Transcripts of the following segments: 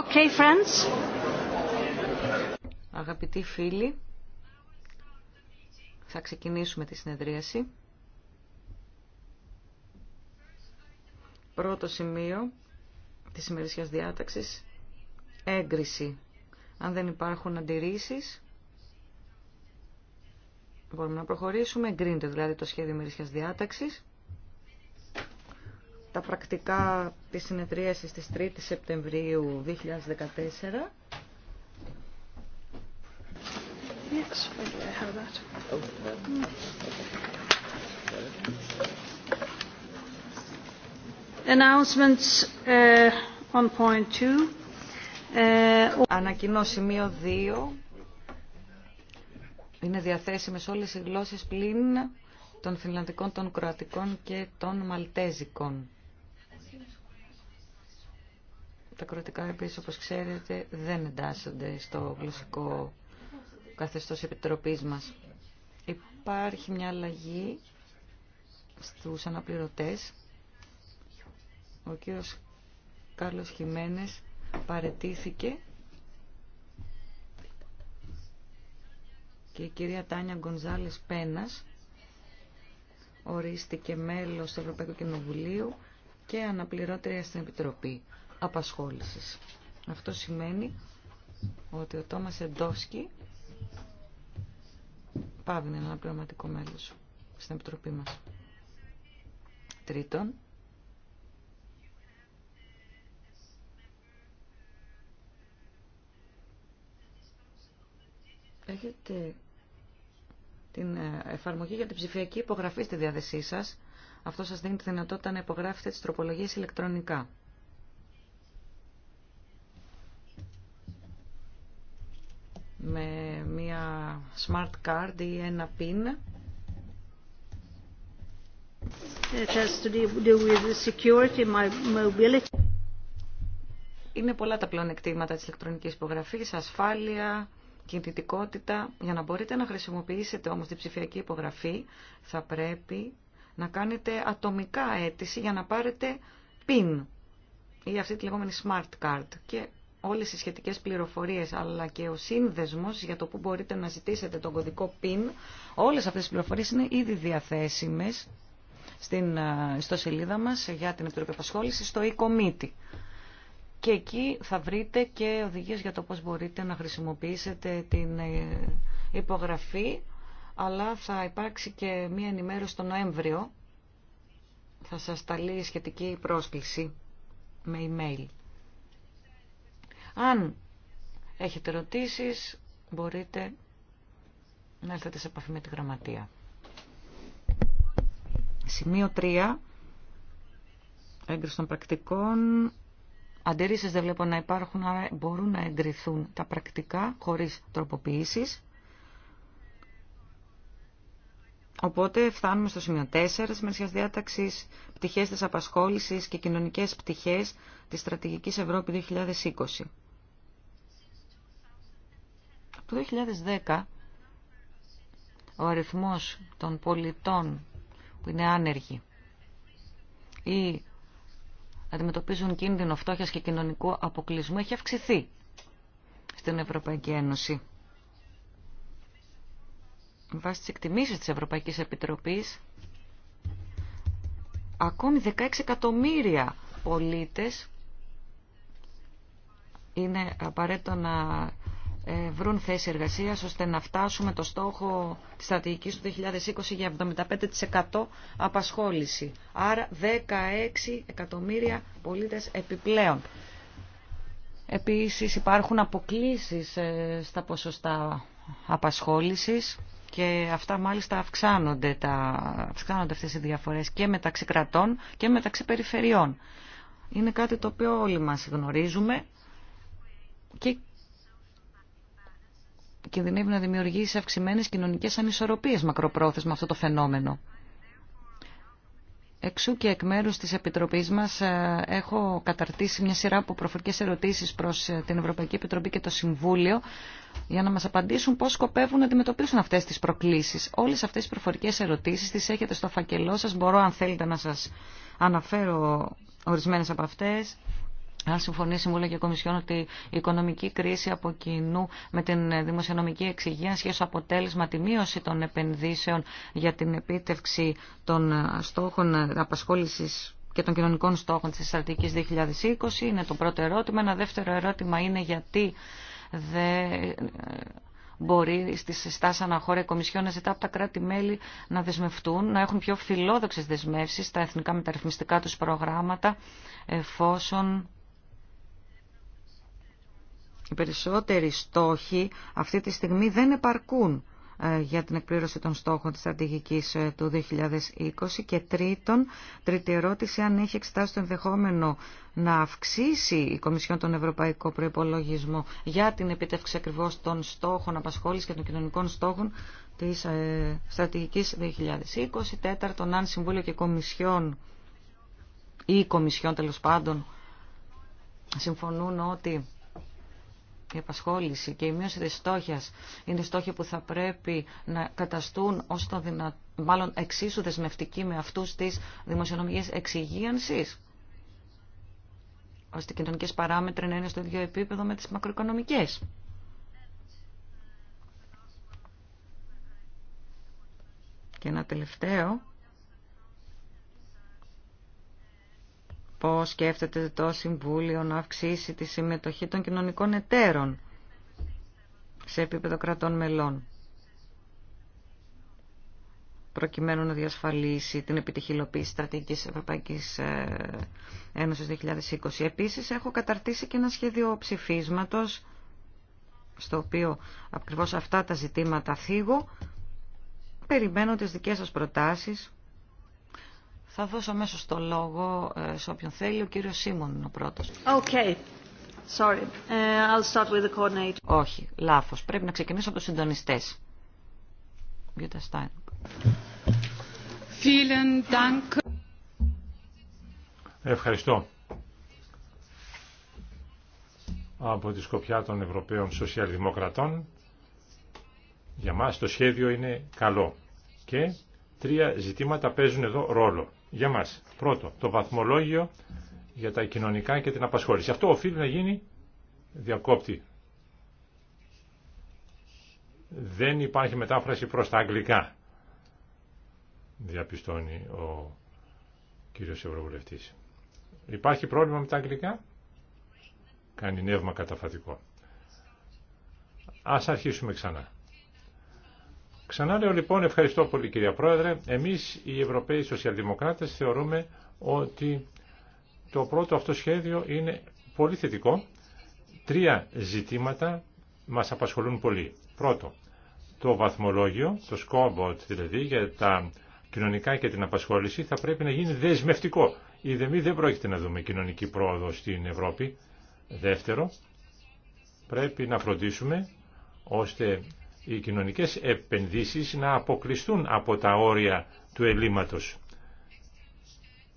Okay, friends. Αγαπητοί φίλοι, θα ξεκινήσουμε τη συνεδρίαση. Πρώτο σημείο της ημερησίας διάταξης, έγκριση. Αν δεν υπάρχουν αντιρρήσεις, μπορούμε να προχωρήσουμε. Εγκρίνεται δηλαδή το σχέδιο ημερησίας διάταξης τα πρακτικά της συνεδρίασης της 3ης Σεπτεμβρίου 2014. Uh, uh, Ανακοινώ σημείο 2. Είναι διαθέσιμες όλες οι γλώσσες πλην των Φιλανδικών, των Κροατικών και των Μαλτέζικων. Τα κροτικά επίσης, όπως ξέρετε, δεν εντάσσονται στο γλωσσικό καθεστώς επιτροπής μας. Υπάρχει μια αλλαγή στους αναπληρωτές. Ο κύριος Κάρλος Χιμένες παρετήθηκε και η κυρία Τάνια Γκονζάλη Πένας ορίστηκε μέλος του Ευρωπαϊκού Κοινοβουλίου και αναπληρώτρια στην Επιτροπή απασχόλησης. Αυτό σημαίνει ότι ο Τόμας Εντόσκι πάβει να ένα πραγματικό μέλος στην Επιτροπή μας. Τρίτον, έχετε την ε, εφαρμογή για την ψηφιακή υπογραφή στη διάθεσή σας. Αυτό σας δίνει τη δυνατότητα να υπογράφετε τις τροπολογίες ηλεκτρονικά. με μια smart card ή ένα pin. It has to do with security, mobility. Είναι πολλά τα πλεονεκτήματα της ηλεκτρονικής υπογραφής, ασφάλεια, κινητικότητα. Για να μπορείτε να χρησιμοποιήσετε όμως την ψηφιακή υπογραφή, θα πρέπει να κάνετε ατομικά αίτηση για να πάρετε PIN ή αυτή τη λεγόμενη smart card. Και όλες οι σχετικές πληροφορίες αλλά και ο σύνδεσμος για το που μπορείτε να ζητήσετε τον κωδικό PIN, όλες αυτές οι πληροφορίες είναι ήδη διαθέσιμες στην σελίδα μας για την Επιτροπή Απασχόληση στο e-committee. Και εκεί θα βρείτε και οδηγίες για το πώς μπορείτε να χρησιμοποιήσετε την ε, υπογραφή, αλλά θα υπάρξει και μία ενημέρωση το Νοέμβριο. Θα σας σταλεί σχετική πρόσκληση με email. Αν έχετε ρωτήσεις, μπορείτε να έρθετε σε επαφή με τη γραμματεία. Σημείο 3. Έγκριση των πρακτικών. Αντιρρήσει δεν βλέπω να υπάρχουν, αλλά μπορούν να εγκριθούν τα πρακτικά χωρί τροποποιήσει. Οπότε φτάνουμε στο σημείο 4 τη μερσιά διάταξη πτυχέ τη απασχόληση και κοινωνικέ πτυχέ τη στρατηγική Ευρώπη 2020. Το 2010 ο αριθμός των πολιτών που είναι άνεργοι ή αντιμετωπίζουν κίνδυνο φτώχειας και κοινωνικού αποκλεισμού έχει αυξηθεί στην Ευρωπαϊκή Ένωση. Με βάση τις εκτιμήσεις της Ευρωπαϊκής Επιτροπής, ακόμη 16 εκατομμύρια πολίτες είναι απαραίτητο να ε, βρουν θέση εργασίας ώστε να φτάσουμε το στόχο της στρατηγικής του 2020 για 75% απασχόληση. Άρα 16 εκατομμύρια πολίτες επιπλέον. Επίσης υπάρχουν αποκλίσεις ε, στα ποσοστά απασχόλησης και αυτά μάλιστα αυξάνονται, τα, αυξάνονται αυτές οι διαφορές και μεταξύ κρατών και μεταξύ περιφερειών. Είναι κάτι το οποίο όλοι μας γνωρίζουμε και κινδυνεύει να δημιουργήσει αυξημένες κοινωνικές ανισορροπίες μακροπρόθεσμα αυτό το φαινόμενο. Εξού και εκ μέρους της Επιτροπής μας ε, έχω καταρτήσει μια σειρά από προφορικές ερωτήσεις προς ε, την Ευρωπαϊκή Επιτροπή και το Συμβούλιο για να μας απαντήσουν πώς σκοπεύουν να αντιμετωπίσουν αυτές τις προκλήσεις. Όλες αυτές τις προφορικές ερωτήσεις τις έχετε στο φακελό σας. Μπορώ αν θέλετε να σας αναφέρω ορισμένες από αυτές. Αν συμφωνήσει, μου λέγει και η Κομισιόν ότι η οικονομική κρίση από κοινού με την δημοσιονομική εξυγία σχέση αποτέλεσμα τη μείωση των επενδύσεων για την επίτευξη των στόχων απασχόληση και των κοινωνικών στόχων της στρατηγικής 2020 είναι το πρώτο ερώτημα. Ένα δεύτερο ερώτημα είναι γιατί δεν ε, μπορεί στις συστάσεις αναχώρα η Κομισιόν να ζητά από τα κράτη-μέλη να δεσμευτούν, να έχουν πιο φιλόδοξες δεσμεύσεις στα εθνικά μεταρρυθμιστικά τους προγράμματα εφόσον οι περισσότεροι στόχοι αυτή τη στιγμή δεν επαρκούν ε, για την εκπλήρωση των στόχων της στρατηγικής ε, του 2020 και τρίτον, τρίτη ερώτηση, αν έχει εξετάσει το ενδεχόμενο να αυξήσει η Κομισιόν τον Ευρωπαϊκό Προϋπολογισμό για την επίτευξη ακριβώς των στόχων απασχόλησης και των κοινωνικών στόχων της ε, στρατηγικής 2020. Τέταρτον, αν Συμβούλιο και Κομισιόν ή Κομισιόν τέλος πάντων συμφωνούν ότι η απασχόληση και η μείωση της στόχιας είναι στόχοι που θα πρέπει να καταστούν ως το δυνα... μάλλον εξίσου δεσμευτικοί με αυτούς της δημοσιονομικής εξυγίανσης ώστε οι κοινωνικέ παράμετροι να είναι στο ίδιο επίπεδο με τις μακροοικονομικές. Και ένα τελευταίο πώς σκέφτεται το Συμβούλιο να αυξήσει τη συμμετοχή των κοινωνικών εταίρων σε επίπεδο κρατών μελών προκειμένου να διασφαλίσει την επιτυχηλοποίηση υλοποίηση στρατηγικής Ευρωπαϊκής ε, Ένωσης 2020. Επίσης, έχω καταρτήσει και ένα σχέδιο ψηφίσματος, στο οποίο ακριβώς αυτά τα ζητήματα θίγω. Περιμένω τις δικές σας προτάσεις θα δώσω μέσω στο λόγο ε, σε όποιον θέλει. Ο κύριος Σίμων είναι ο πρώτος. Okay. Sorry. Ε, I'll start with the Όχι, λάθος. Πρέπει να ξεκινήσω από τους συντονιστές. Ευχαριστώ. Από τη σκοπιά των Ευρωπαίων Σοσιαλδημοκρατών για μας το σχέδιο είναι καλό και τρία ζητήματα παίζουν εδώ ρόλο για μας. Πρώτο, το βαθμολόγιο για τα κοινωνικά και την απασχόληση. Αυτό οφείλει να γίνει διακόπτη. Δεν υπάρχει μετάφραση προς τα αγγλικά, διαπιστώνει ο κύριος Ευρωβουλευτής. Υπάρχει πρόβλημα με τα αγγλικά, κάνει νεύμα καταφατικό. Ας αρχίσουμε ξανά λέω λοιπόν, ευχαριστώ πολύ κυρία Πρόεδρε. Εμείς οι Ευρωπαίοι Σοσιαλδημοκράτες θεωρούμε ότι το πρώτο αυτό σχέδιο είναι πολύ θετικό. Τρία ζητήματα μας απασχολούν πολύ. Πρώτο, το βαθμολόγιο, το scoreboard δηλαδή για τα κοινωνικά και την απασχόληση θα πρέπει να γίνει δεσμευτικό. Η ΔΕΜΗ δεν πρόκειται να δούμε κοινωνική πρόοδο στην Ευρώπη. Δεύτερο, πρέπει να φροντίσουμε ώστε οι κοινωνικές επενδύσεις να αποκλειστούν από τα όρια του ελλείμματος.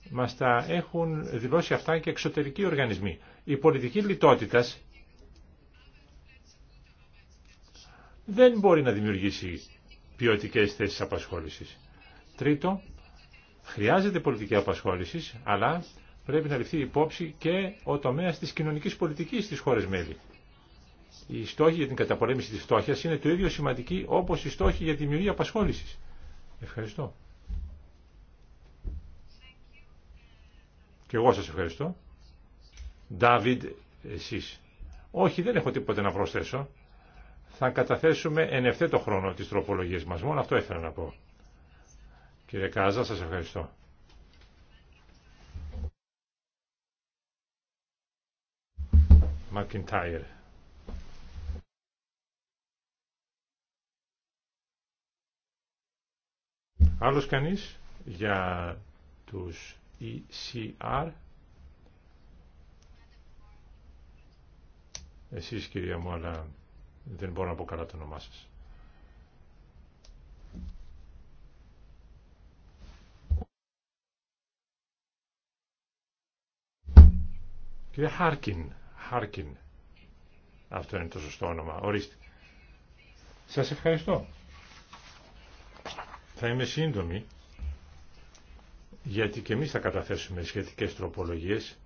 Μας τα έχουν δηλώσει αυτά και εξωτερικοί οργανισμοί. Η πολιτική λιτότητας δεν μπορεί να δημιουργήσει ποιοτικές θέσεις απασχόλησης. Τρίτο, χρειάζεται πολιτική απασχόληση, αλλά πρέπει να ληφθεί υπόψη και ο τομέας της κοινωνικής πολιτικής στις χώρες μέλη. Η στόχοι για την καταπολέμηση της φτώχειας είναι το ίδιο σημαντική όπως η στόχη για τη δημιουργία απασχόλησης. Ευχαριστώ. Και εγώ σας ευχαριστώ. Ντάβιντ, εσείς. Όχι, δεν έχω τίποτα να προσθέσω. Θα καταθέσουμε εν ευθέτω χρόνο τις τροπολογίες μας. Μόνο αυτό ήθελα να πω. Κύριε Κάζα, σας ευχαριστώ. Μακιντάιρ. Άλλος κανείς για τους ECR. Εσείς κυρία μου, αλλά δεν μπορώ να πω καλά το όνομά σας. Κυρία Χάρκιν, Χάρκιν, αυτό είναι το σωστό όνομα, ορίστε. Σας ευχαριστώ. Θα είμαι σύντομη, γιατί και εμείς θα καταθέσουμε σχετικές τροπολογίες,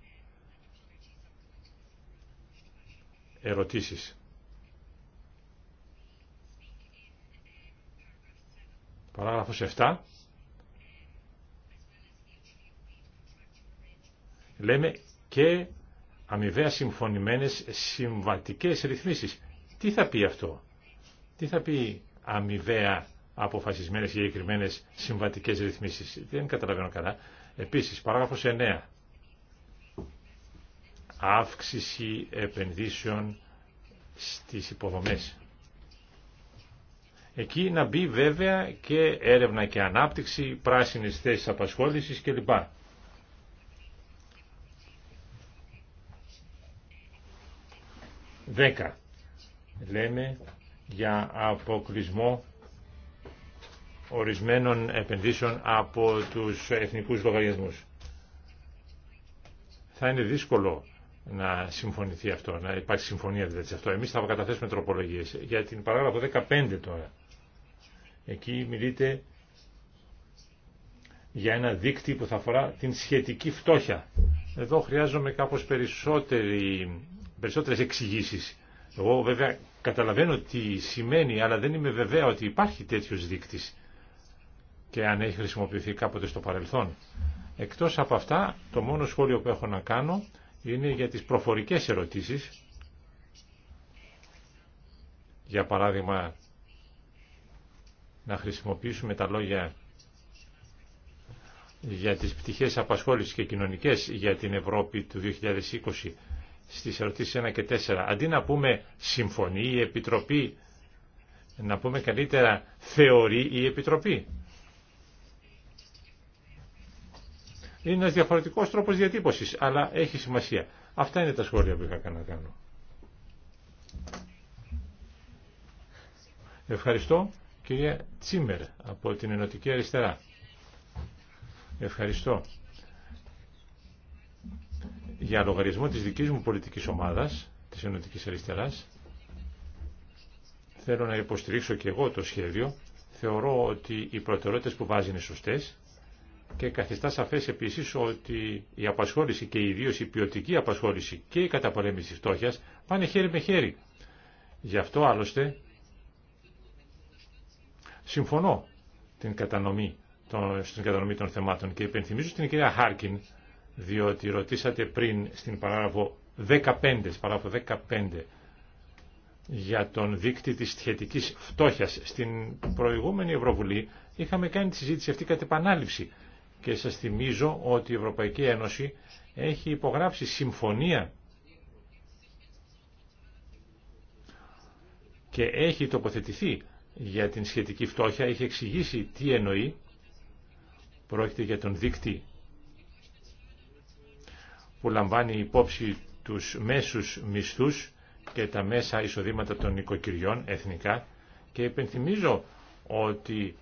ερωτήσεις. Παράγραφος 7. Λέμε και αμοιβαία συμφωνημένες συμβατικές ρυθμίσεις. Τι θα πει αυτό. Τι θα πει αμοιβαία αποφασισμένες ή εγκεκριμένε συμβατικές ρυθμίσεις. Δεν καταλαβαίνω καλά. Επίσης, παράγραφο 9. Αύξηση επενδύσεων στις υποδομές. Εκεί να μπει βέβαια και έρευνα και ανάπτυξη, πράσινες θέσεις απασχόλησης κλπ. Δέκα. Λέμε για αποκλεισμό ορισμένων επενδύσεων από τους εθνικούς λογαριασμούς. Θα είναι δύσκολο να συμφωνηθεί αυτό, να υπάρχει συμφωνία δηλαδή σε αυτό. Εμείς θα καταθέσουμε τροπολογίες. Για την παράγραφο 15 τώρα. Εκεί μιλείται για ένα δίκτυο που θα αφορά την σχετική φτώχεια. Εδώ χρειάζομαι κάπως περισσότερες εξηγήσεις. Εγώ βέβαια καταλαβαίνω τι σημαίνει, αλλά δεν είμαι βεβαία ότι υπάρχει τέτοιος δείκτης και αν έχει χρησιμοποιηθεί κάποτε στο παρελθόν. Εκτός από αυτά, το μόνο σχόλιο που έχω να κάνω είναι για τις προφορικές ερωτήσεις. Για παράδειγμα, να χρησιμοποιήσουμε τα λόγια για τις πτυχές απασχόλησης και κοινωνικές για την Ευρώπη του 2020 στις ερωτήσεις 1 και 4. Αντί να πούμε συμφωνεί η Επιτροπή, να πούμε καλύτερα θεωρεί η Επιτροπή. είναι ένας διαφορετικός τρόπος διατύπωσης, αλλά έχει σημασία. Αυτά είναι τα σχόλια που είχα να κάνω. Ευχαριστώ κυρία Τσίμερ από την Ενωτική Αριστερά. Ευχαριστώ. Για λογαριασμό της δικής μου πολιτικής ομάδας, της Ενωτικής Αριστεράς, θέλω να υποστηρίξω και εγώ το σχέδιο. Θεωρώ ότι οι προτεραιότητες που βάζει είναι σωστές και καθιστά σαφές επίσης ότι η απασχόληση και ιδίως η ποιοτική απασχόληση και η καταπολέμηση της φτώχειας πάνε χέρι με χέρι. Γι' αυτό άλλωστε συμφωνώ την κατανομή των, στην κατανομή των θεμάτων και υπενθυμίζω στην κυρία Χάρκιν διότι ρωτήσατε πριν στην παράγραφο 15, παράγραφο 15 για τον δίκτυ της σχετικής φτώχειας. Στην προηγούμενη Ευρωβουλή είχαμε κάνει τη συζήτηση αυτή κατ' επανάληψη και σας θυμίζω ότι η Ευρωπαϊκή Ένωση έχει υπογράψει συμφωνία και έχει τοποθετηθεί για την σχετική φτώχεια, έχει εξηγήσει τι εννοεί, πρόκειται για τον δίκτυ που λαμβάνει υπόψη τους μέσους μισθούς και τα μέσα εισοδήματα των οικοκυριών εθνικά και υπενθυμίζω ότι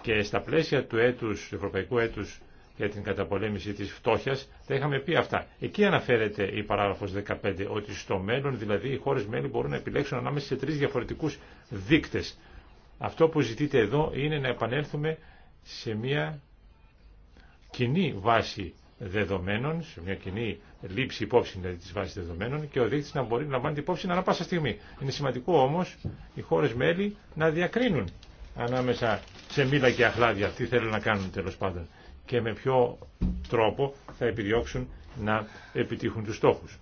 και στα πλαίσια του, έτους, ευρωπαϊκού έτους για την καταπολέμηση της φτώχειας, τα είχαμε πει αυτά. Εκεί αναφέρεται η παράγραφος 15, ότι στο μέλλον δηλαδή οι χώρες μέλη μπορούν να επιλέξουν ανάμεσα σε τρεις διαφορετικούς δείκτες. Αυτό που ζητείτε εδώ είναι να επανέλθουμε σε μια κοινή βάση δεδομένων, σε μια κοινή λήψη υπόψη δηλαδή, της βάσης δεδομένων και ο δείκτης να μπορεί να λαμβάνει υπόψη ανά πάσα στιγμή. Είναι σημαντικό όμως οι χώρες μέλη να διακρίνουν ανάμεσα σε μήλα και αχλάδια, τι θέλουν να κάνουν τέλος πάντων και με ποιο τρόπο θα επιδιώξουν να επιτύχουν τους στόχους.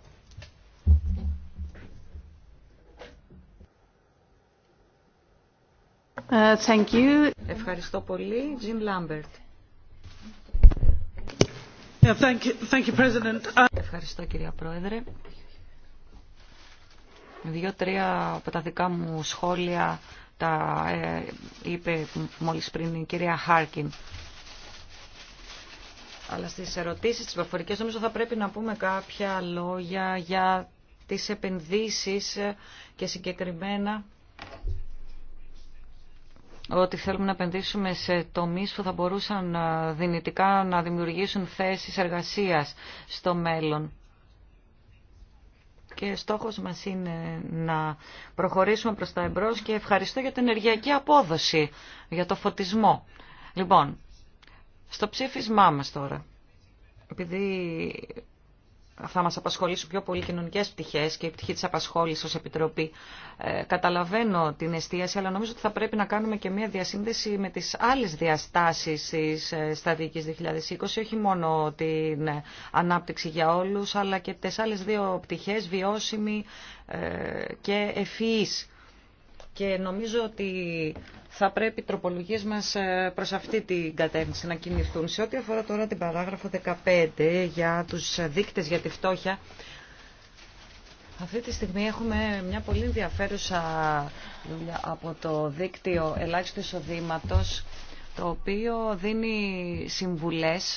Ε, thank you. Ευχαριστώ πολύ. Jim Lambert. thank you. Thank you, President. Uh, Ευχαριστώ κυρία Πρόεδρε. Δύο-τρία από τα δικά μου σχόλια τα ε, είπε μόλις πριν η κυρία Χάρκιν. Αλλά στις ερωτήσεις, τις προφορικές, νομίζω θα πρέπει να πούμε κάποια λόγια για τις επενδύσεις και συγκεκριμένα ότι θέλουμε να επενδύσουμε σε τομείς που θα μπορούσαν ε, δυνητικά να δημιουργήσουν θέσεις εργασίας στο μέλλον και στόχος μας είναι να προχωρήσουμε προς τα εμπρός και ευχαριστώ για την ενεργειακή απόδοση, για το φωτισμό. Λοιπόν, στο ψήφισμά μας τώρα, επειδή θα μας απασχολήσουν πιο πολύ κοινωνικές πτυχές και η πτυχή της απασχόλησης ως Επιτροπή. Ε, καταλαβαίνω την εστίαση, αλλά νομίζω ότι θα πρέπει να κάνουμε και μια διασύνδεση με τις άλλες διαστάσεις της ε, σταδικής 2020, όχι μόνο την ε, ανάπτυξη για όλους, αλλά και τις άλλες δύο πτυχές, βιώσιμη και ευφυής και νομίζω ότι θα πρέπει οι τροπολογίες μας ε, προς αυτή την κατεύθυνση να κινηθούν. Σε ό,τι αφορά τώρα την παράγραφο 15 για τους δείκτες για τη φτώχεια, αυτή τη στιγμή έχουμε μια πολύ ενδιαφέρουσα δουλειά από το δίκτυο ελάχιστου εισοδήματο, το οποίο δίνει συμβουλές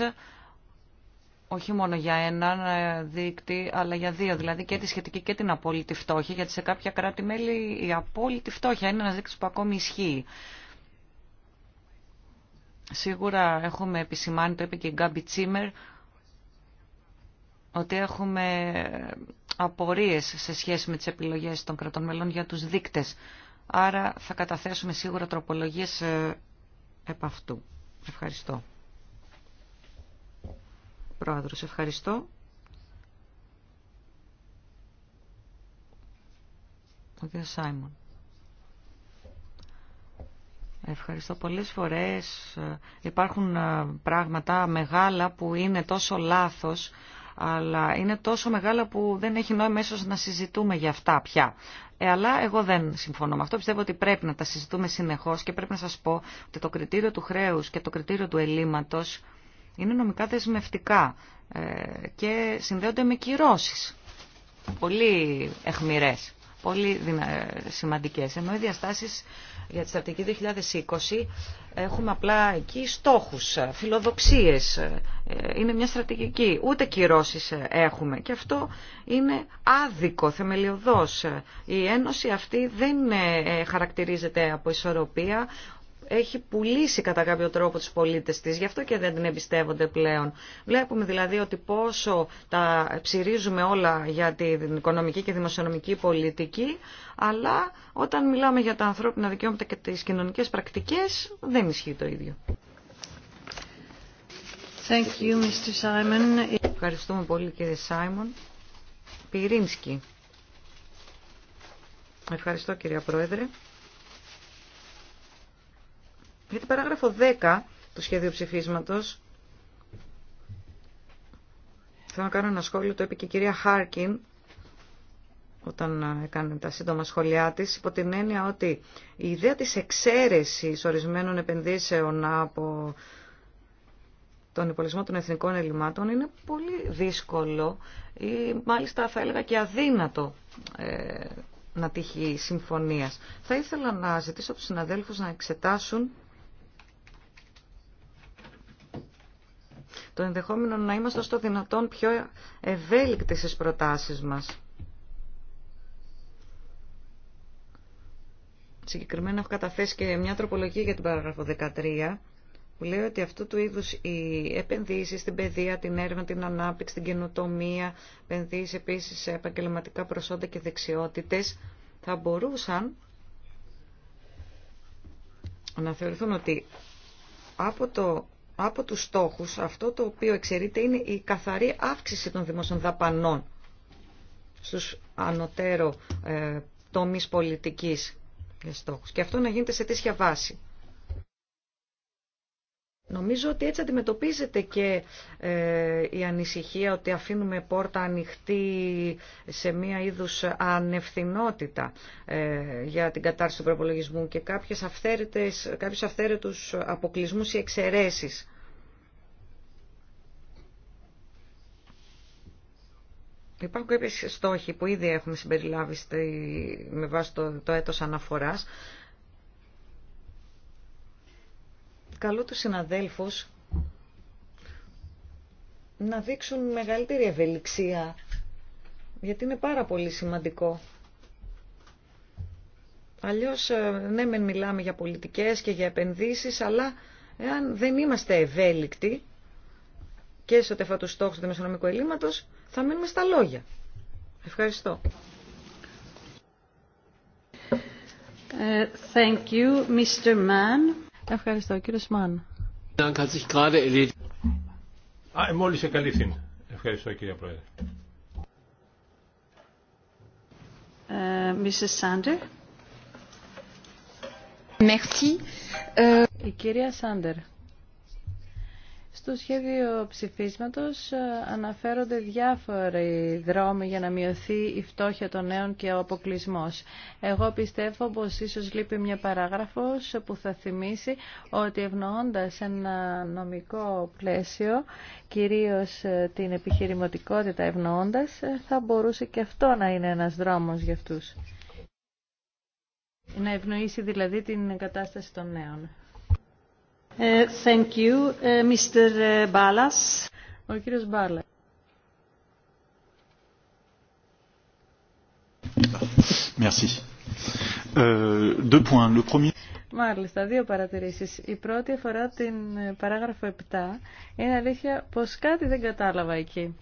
όχι μόνο για ένα ε, δείκτη, αλλά για δύο, δηλαδή και τη σχετική και την απόλυτη φτώχεια, γιατί σε κάποια κράτη-μέλη η απόλυτη φτώχεια είναι ένα δείκτης που ακόμη ισχύει. Σίγουρα έχουμε επισημάνει, το είπε και η Γκάμπι Τσίμερ, ότι έχουμε απορίες σε σχέση με τις επιλογές των κρατών μελών για τους δείκτες. Άρα θα καταθέσουμε σίγουρα τροπολογίες ε, επ' αυτού. Ευχαριστώ. Πρόεδρος, ευχαριστώ. Ο κ. Σάιμον. Ευχαριστώ. Πολλές φορές ε, υπάρχουν ε, πράγματα μεγάλα που είναι τόσο λάθος, αλλά είναι τόσο μεγάλα που δεν έχει νόημα ίσως να συζητούμε για αυτά πια. Ε, αλλά εγώ δεν συμφωνώ με αυτό. Πιστεύω ότι πρέπει να τα συζητούμε συνεχώς και πρέπει να σας πω ότι το κριτήριο του χρέους και το κριτήριο του ελλείμματος είναι νομικά δεσμευτικά ε, και συνδέονται με κυρώσεις. Πολύ εχμηρές, πολύ ε, σημαντικές. Ενώ οι διαστάσεις για τη στρατηγική 2020 έχουμε απλά εκεί στόχους, ε, φιλοδοξίες. Είναι μια στρατηγική. Ούτε κυρώσεις έχουμε. Και αυτό είναι άδικο, θεμελιωδώς. Η Ένωση αυτή δεν χαρακτηρίζεται από ισορροπία, έχει πουλήσει κατά κάποιο τρόπο τους πολίτες της, γι' αυτό και δεν την εμπιστεύονται πλέον. Βλέπουμε δηλαδή ότι πόσο τα ψηρίζουμε όλα για την οικονομική και δημοσιονομική πολιτική, αλλά όταν μιλάμε για τα ανθρώπινα δικαιώματα και τις κοινωνικές πρακτικές, δεν ισχύει το ίδιο. Thank you, Mr. Simon. Ευχαριστούμε πολύ κύριε Σάιμον. Πυρίνσκι. Ευχαριστώ κυρία Πρόεδρε. Γιατί την παράγραφο 10 του σχέδιου ψηφίσματος θέλω να κάνω ένα σχόλιο, το είπε και η κυρία Χάρκιν όταν ε, έκανε τα σύντομα σχόλιά τη, υπό την έννοια ότι η ιδέα τη εξαίρεση ορισμένων επενδύσεων από τον υπολογισμό των εθνικών ελλημάτων είναι πολύ δύσκολο ή μάλιστα θα έλεγα και αδύνατο ε, να τύχει συμφωνίας. Θα ήθελα να ζητήσω από τους συναδέλφους να εξετάσουν το ενδεχόμενο να είμαστε στο δυνατόν πιο ευέλικτοι στις προτάσεις μας. Συγκεκριμένα έχω καταθέσει και μια τροπολογία για την παράγραφο 13 που λέει ότι αυτού του είδους οι επενδύσεις στην παιδεία, την έρευνα, την ανάπτυξη, την καινοτομία, επενδύσεις επίσης σε επαγγελματικά προσόντα και δεξιότητες θα μπορούσαν να θεωρηθούν ότι από το από τους στόχους αυτό το οποίο εξαιρείται είναι η καθαρή αύξηση των δημόσιων δαπανών στους ανωτέρω ε, τομείς πολιτικής στόχους. Και αυτό να γίνεται σε τέτοια βάση. Νομίζω ότι έτσι αντιμετωπίζεται και ε, η ανησυχία ότι αφήνουμε πόρτα ανοιχτή σε μία είδους ανευθυνότητα ε, για την κατάρτιση του προπολογισμού και κάποιες αυθαίρετες, κάποιους αυθαίρετους αποκλεισμούς ή εξαιρέσεις. Υπάρχουν κάποιες στόχοι που ήδη έχουμε συμπεριλάβει με βάση το, το έτος αναφοράς καλό τους συναδέλφους να δείξουν μεγαλύτερη ευελιξία, γιατί είναι πάρα πολύ σημαντικό. Αλλιώς, ε, ναι, μεν μιλάμε για πολιτικές και για επενδύσεις, αλλά εάν δεν είμαστε ευέλικτοι και στο τεφα του στόχου του δημοσιονομικού ελλείμματος, θα μείνουμε στα λόγια. Ευχαριστώ. Ε, thank you, Mr. Ευχαριστώ. Κύριε Σμάν. Α, μόλις εκαλύφθην. Ευχαριστώ κύριε Πρόεδρε. Ε, Η κυρία Σάντερ. Στο σχέδιο ψηφίσματος ε, αναφέρονται διάφοροι δρόμοι για να μειωθεί η φτώχεια των νέων και ο αποκλεισμό. Εγώ πιστεύω πως ίσως λείπει μια παράγραφος που θα θυμίσει ότι ευνοώντας ένα νομικό πλαίσιο, κυρίως ε, την επιχειρηματικότητα ευνοώντας, ε, θα μπορούσε και αυτό να είναι ένας δρόμος για αυτούς. Να ευνοήσει δηλαδή την κατάσταση των νέων. Ευχαριστώ, you. Ε, Mr. Ε, Ο κύριος ε, Μάλιστα, δύο παρατηρήσεις. Η πρώτη αφορά την παράγραφο 7. Είναι αλήθεια πως κάτι δεν κατάλαβα εκεί.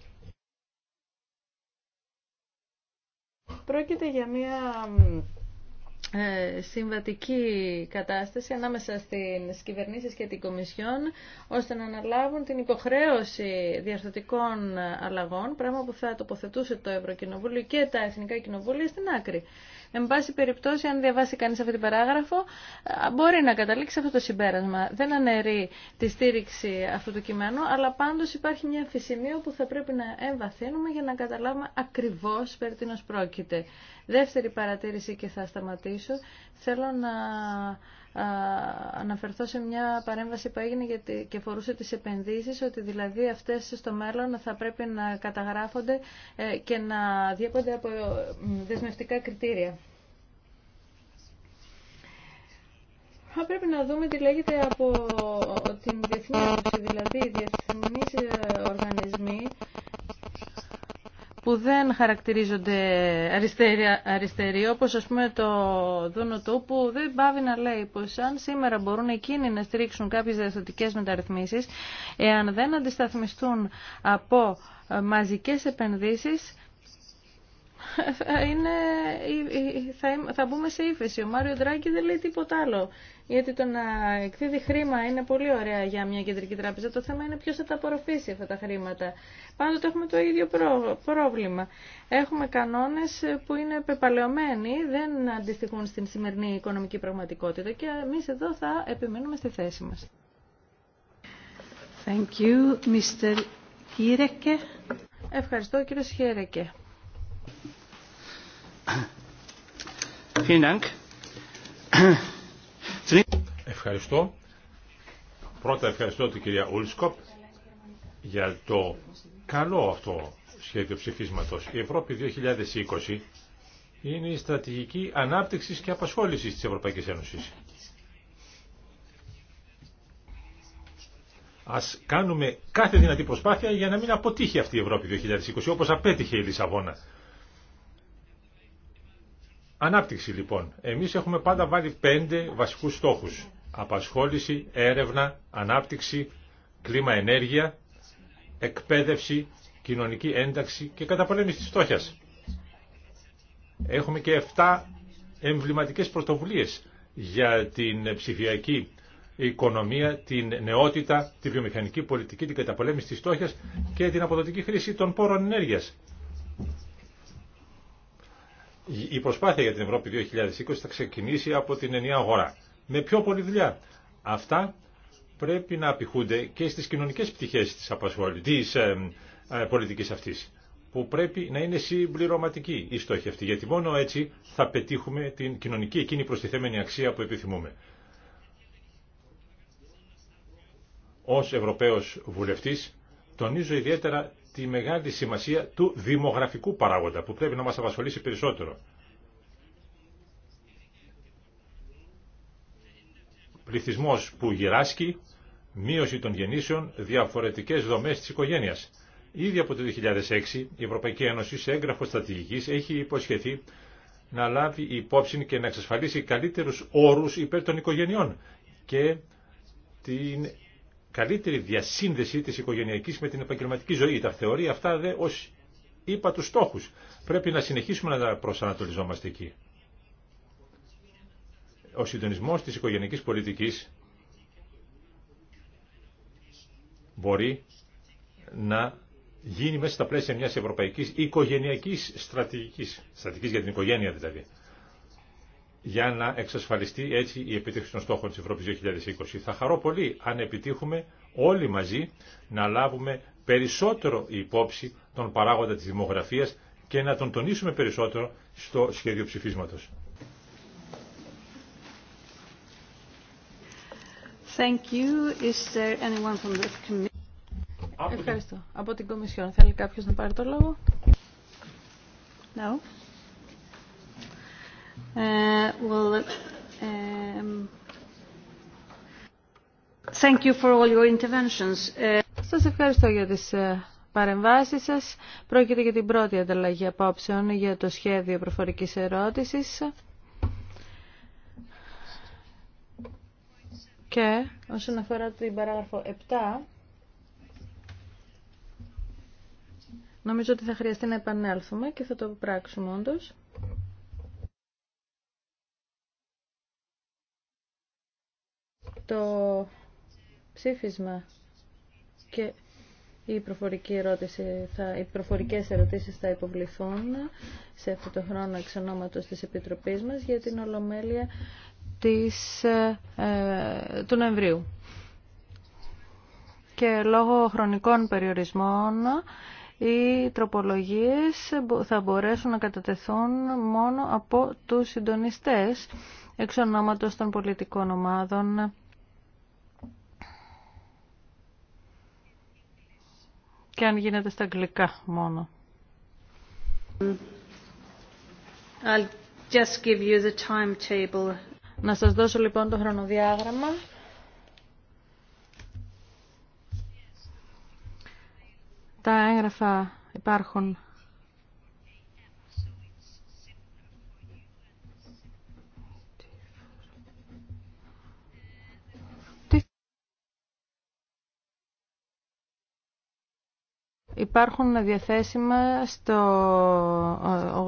Πρόκειται για μία ε, συμβατική κατάσταση ανάμεσα στις κυβερνήσεις και την Κομισιόν ώστε να αναλάβουν την υποχρέωση διαρθωτικών αλλαγών, πράγμα που θα τοποθετούσε το Ευρωκοινοβούλιο και τα Εθνικά Κοινοβούλια στην άκρη. Εν πάση περιπτώσει, αν διαβάσει κανείς αυτή την παράγραφο, μπορεί να καταλήξει αυτό το συμπέρασμα. Δεν αναιρεί τη στήριξη αυτού του κειμένου, αλλά πάντως υπάρχει μια φυσιμία που θα πρέπει να εμβαθύνουμε για να καταλάβουμε ακριβώς περί τι πρόκειται. Δεύτερη παρατήρηση και θα σταματήσω. Θέλω να αναφερθώ σε μια παρέμβαση που έγινε και φορούσε τις επενδύσεις, ότι δηλαδή αυτές στο μέλλον θα πρέπει να καταγράφονται ε, και να διέπονται από ε, δεσμευτικά κριτήρια. Θα πρέπει να δούμε τι λέγεται από την διεθνή δηλαδή οι διεθνείς ε, οργανισμοί που δεν χαρακτηρίζονται αριστεροί, αριστεροί όπως ας πούμε το Δούνο του, που δεν πάβει να λέει πως αν σήμερα μπορούν εκείνοι να στηρίξουν κάποιες διαστατικές μεταρρυθμίσεις, εάν δεν αντισταθμιστούν από ε, μαζικές επενδύσεις, είναι, θα, θα μπούμε σε ύφεση. Ο Μάριο Ντράγκη δεν λέει τίποτα άλλο γιατί το να εκδίδει χρήμα είναι πολύ ωραία για μια κεντρική τράπεζα. Το θέμα είναι ποιο θα τα απορροφήσει αυτά τα χρήματα. Πάντοτε έχουμε το ίδιο πρόβλημα. Έχουμε κανόνε που είναι πεπαλαιωμένοι, δεν αντιστοιχούν στην σημερινή οικονομική πραγματικότητα και εμεί εδώ θα επιμένουμε στη θέση μα. Thank you, Mr. Ευχαριστώ, κύριε Ευχαριστώ. Πρώτα ευχαριστώ την κυρία Ούλσκοπ για το καλό αυτό σχέδιο ψηφίσματος. Η Ευρώπη 2020 είναι η στρατηγική ανάπτυξης και απασχόλησης της Ευρωπαϊκής Ένωσης. Ας κάνουμε κάθε δυνατή προσπάθεια για να μην αποτύχει αυτή η Ευρώπη 2020, όπως απέτυχε η Λισαβόνα. Ανάπτυξη λοιπόν. Εμείς έχουμε πάντα βάλει πέντε βασικούς στόχους. Απασχόληση, έρευνα, ανάπτυξη, κλίμα ενέργεια, εκπαίδευση, κοινωνική ένταξη και καταπολέμηση της φτώχειας. Έχουμε και 7 εμβληματικές πρωτοβουλίες για την ψηφιακή οικονομία, την νεότητα, τη βιομηχανική πολιτική, την καταπολέμηση της φτώχειας και την αποδοτική χρήση των πόρων ενέργειας. Η προσπάθεια για την Ευρώπη 2020 θα ξεκινήσει από την ενιαία αγορά. Με πιο πολλή δουλειά. Αυτά πρέπει να απηχούνται και στις κοινωνικές πτυχές της, απασχόλησης, της ε, ε, πολιτικής αυτής, που πρέπει να είναι συμπληρωματική η στόχη αυτή, γιατί μόνο έτσι θα πετύχουμε την κοινωνική εκείνη προστιθέμενη αξία που επιθυμούμε. Ως Ευρωπαίος Βουλευτής, τονίζω ιδιαίτερα τη μεγάλη σημασία του δημογραφικού παράγοντα που πρέπει να μας απασχολήσει περισσότερο. Πληθυσμός που γυράσκει, μείωση των γεννήσεων, διαφορετικές δομές της οικογένειας. Ήδη από το 2006 η Ευρωπαϊκή Ένωση σε έγγραφο στρατηγική έχει υποσχεθεί να λάβει υπόψη και να εξασφαλίσει καλύτερους όρους υπέρ των οικογενειών και την καλύτερη διασύνδεση της οικογενειακής με την επαγγελματική ζωή. Τα θεωρεί αυτά δε ως είπα τους στόχους. Πρέπει να συνεχίσουμε να προσανατολιζόμαστε εκεί. Ο συντονισμός της οικογενειακής πολιτικής μπορεί να γίνει μέσα στα πλαίσια μιας ευρωπαϊκής οικογενειακής στρατηγικής, στρατηγικής για την οικογένεια δηλαδή για να εξασφαλιστεί έτσι η επίτευξη των στόχων της Ευρώπης 2020. Θα χαρώ πολύ αν επιτύχουμε όλοι μαζί να λάβουμε περισσότερο υπόψη τον παράγοντα της δημογραφίας και να τον τονίσουμε περισσότερο στο σχέδιο ψηφίσματος. Thank you. Is there anyone from Ευχαριστώ. Από την Κομισιόν θέλει κάποιος να πάρει το λόγο. No. Uh, well, um, uh, Σας ευχαριστώ για τις ε, παρεμβάσεις σας. Πρόκειται για την πρώτη ανταλλαγή απόψεων για το σχέδιο προφορικής ερώτησης. Και όσον αφορά την παράγραφο 7, νομίζω ότι θα χρειαστεί να επανέλθουμε και θα το πράξουμε όντως. το ψήφισμα και η προφορική ερώτηση θα, οι προφορικές ερωτήσεις θα υποβληθούν σε αυτό το χρόνο εξ ονόματος της Επιτροπής μας για την Ολομέλεια της, ε, του Νοεμβρίου. Και λόγω χρονικών περιορισμών οι τροπολογίες θα μπορέσουν να κατατεθούν μόνο από τους συντονιστές εξ ονόματος των πολιτικών ομάδων και αν γίνεται στα αγγλικά μόνο. just give you Να σας δώσω λοιπόν το χρονοδιάγραμμα. Τα έγγραφα υπάρχουν υπάρχουν διαθέσιμα στο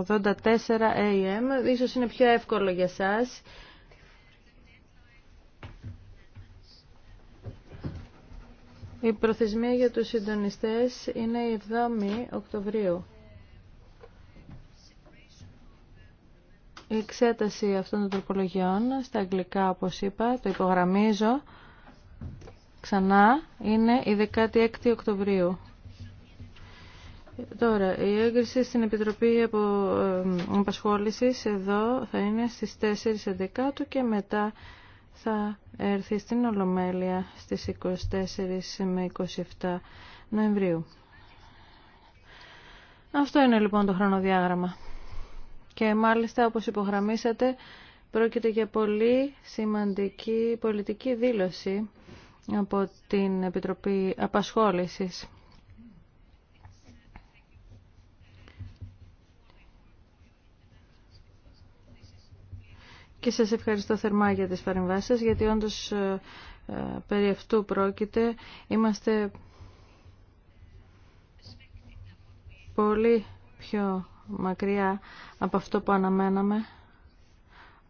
84 AM. Ίσως είναι πιο εύκολο για σας. Η προθεσμία για τους συντονιστές είναι η 7η Οκτωβρίου. Η εξέταση αυτών των τροπολογιών στα αγγλικά, όπως είπα, το υπογραμμίζω ξανά, είναι η 16η Οκτωβρίου. Τώρα, η έγκριση στην Επιτροπή από, ε, Απασχόλησης εδώ θα είναι στις 4 και μετά θα έρθει στην Ολομέλεια στις 24 με 27 Νοεμβρίου. Αυτό είναι λοιπόν το χρονοδιάγραμμα. Και μάλιστα όπως υπογραμμίσατε πρόκειται για πολύ σημαντική πολιτική δήλωση από την Επιτροπή Απασχόλησης. και σας ευχαριστώ θερμά για τις παρεμβάσεις γιατί όντως ε, ε, περί αυτού πρόκειται. Είμαστε πολύ πιο μακριά από αυτό που αναμέναμε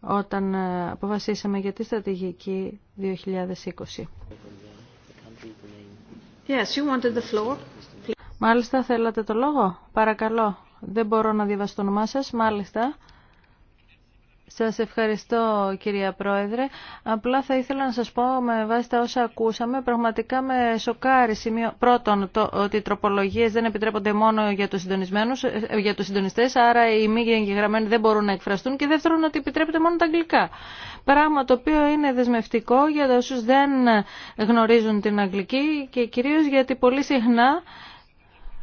όταν ε, αποφασίσαμε για τη στρατηγική 2020. Yes, you wanted the floor. Μάλιστα, θέλατε το λόγο. Παρακαλώ. Δεν μπορώ να διαβάσω το όνομά σας. Μάλιστα. Σας ευχαριστώ κυρία Πρόεδρε. Απλά θα ήθελα να σας πω με βάση τα όσα ακούσαμε, πραγματικά με σοκάρει σημείο πρώτον το, ότι οι τροπολογίες δεν επιτρέπονται μόνο για τους, συντονισμένους, ε, για τους συντονιστές, άρα οι μη εγγεγραμμένοι δεν μπορούν να εκφραστούν και δεύτερον ότι επιτρέπεται μόνο τα αγγλικά. Πράγμα το οποίο είναι δεσμευτικό για όσους δεν γνωρίζουν την αγγλική και κυρίως γιατί πολύ συχνά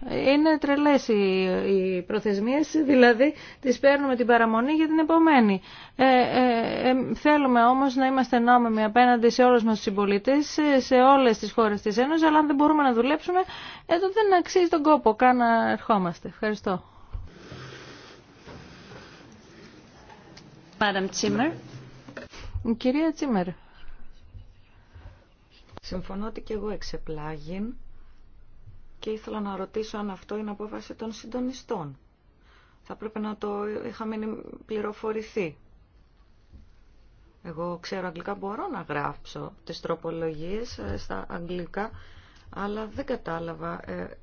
είναι τρελέ οι, οι προθεσμίες, δηλαδή τις παίρνουμε την παραμονή για την επομένη. Ε, ε, ε θέλουμε όμως να είμαστε νόμιμοι απέναντι σε όλους μα τους συμπολίτες, σε, σε όλες τις χώρες της Ένωσης, αλλά αν δεν μπορούμε να δουλέψουμε, εδώ δεν αξίζει τον κόπο καν να ερχόμαστε. Ευχαριστώ. Η κυρία Τσίμερ. Συμφωνώ ότι και εγώ εξεπλάγει και ήθελα να ρωτήσω αν αυτό είναι απόφαση των συντονιστών. Θα πρέπει να το είχαμε πληροφορηθεί. Εγώ ξέρω αγγλικά, μπορώ να γράψω τις τροπολογίες ε, στα αγγλικά, αλλά δεν κατάλαβα. Ε,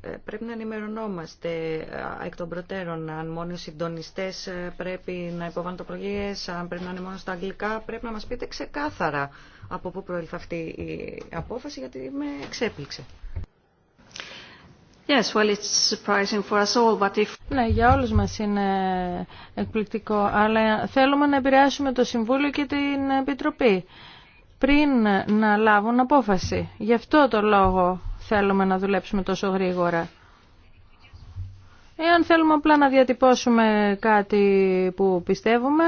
ε πρέπει να ενημερωνόμαστε ε, εκ των προτέρων αν μόνο οι συντονιστές πρέπει να υποβάλουν το προγείες, αν πρέπει να είναι μόνο στα αγγλικά, πρέπει να μας πείτε ξεκάθαρα από πού προήλθε αυτή η απόφαση, γιατί με εξέπληξε. Ναι, για όλους μας είναι εκπληκτικό, αλλά θέλουμε να επηρεάσουμε το Συμβούλιο και την Επιτροπή πριν να λάβουν απόφαση. Γι' αυτό το λόγο θέλουμε να δουλέψουμε τόσο γρήγορα. Εάν θέλουμε απλά να διατυπώσουμε κάτι που πιστεύουμε,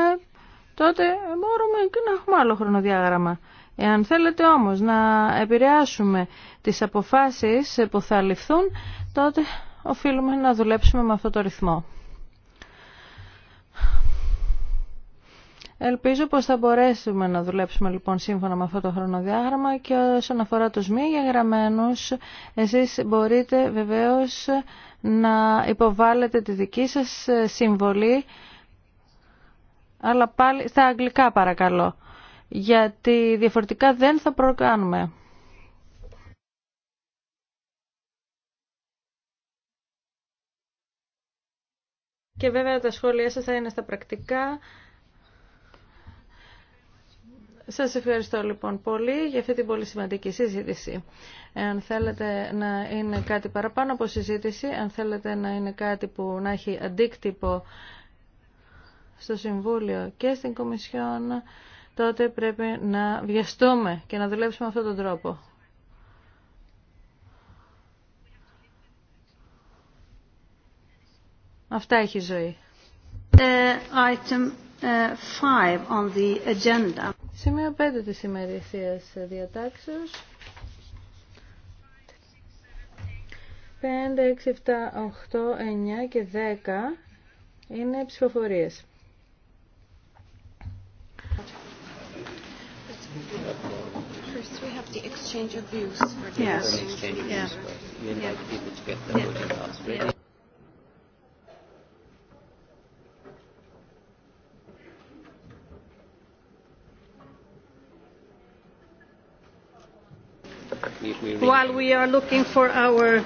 τότε μπορούμε και να έχουμε άλλο χρονοδιάγραμμα. Εάν θέλετε όμως να επηρεάσουμε τις αποφάσεις που θα ληφθούν, τότε οφείλουμε να δουλέψουμε με αυτό το ρυθμό. Ελπίζω πως θα μπορέσουμε να δουλέψουμε λοιπόν σύμφωνα με αυτό το χρονοδιάγραμμα και όσον αφορά τους μη εγγεγραμμένους, εσείς μπορείτε βεβαίως να υποβάλλετε τη δική σας συμβολή, αλλά πάλι στα αγγλικά παρακαλώ γιατί διαφορετικά δεν θα προκάνουμε. Και βέβαια τα σχόλια σας θα είναι στα πρακτικά. Σας ευχαριστώ λοιπόν πολύ για αυτή την πολύ σημαντική συζήτηση. Αν θέλετε να είναι κάτι παραπάνω από συζήτηση, αν θέλετε να είναι κάτι που να έχει αντίκτυπο στο Συμβούλιο και στην Κομισιόν, τότε πρέπει να βιαστούμε και να δουλέψουμε με αυτόν τον τρόπο. Αυτά έχει η ζωή. Ε, item 5 ε, on the agenda. Σημείο 5 της ημερησίας διατάξεως. 5, 6, 7, 8, 9 και 10 είναι ψηφοφορίες. While we are looking for our...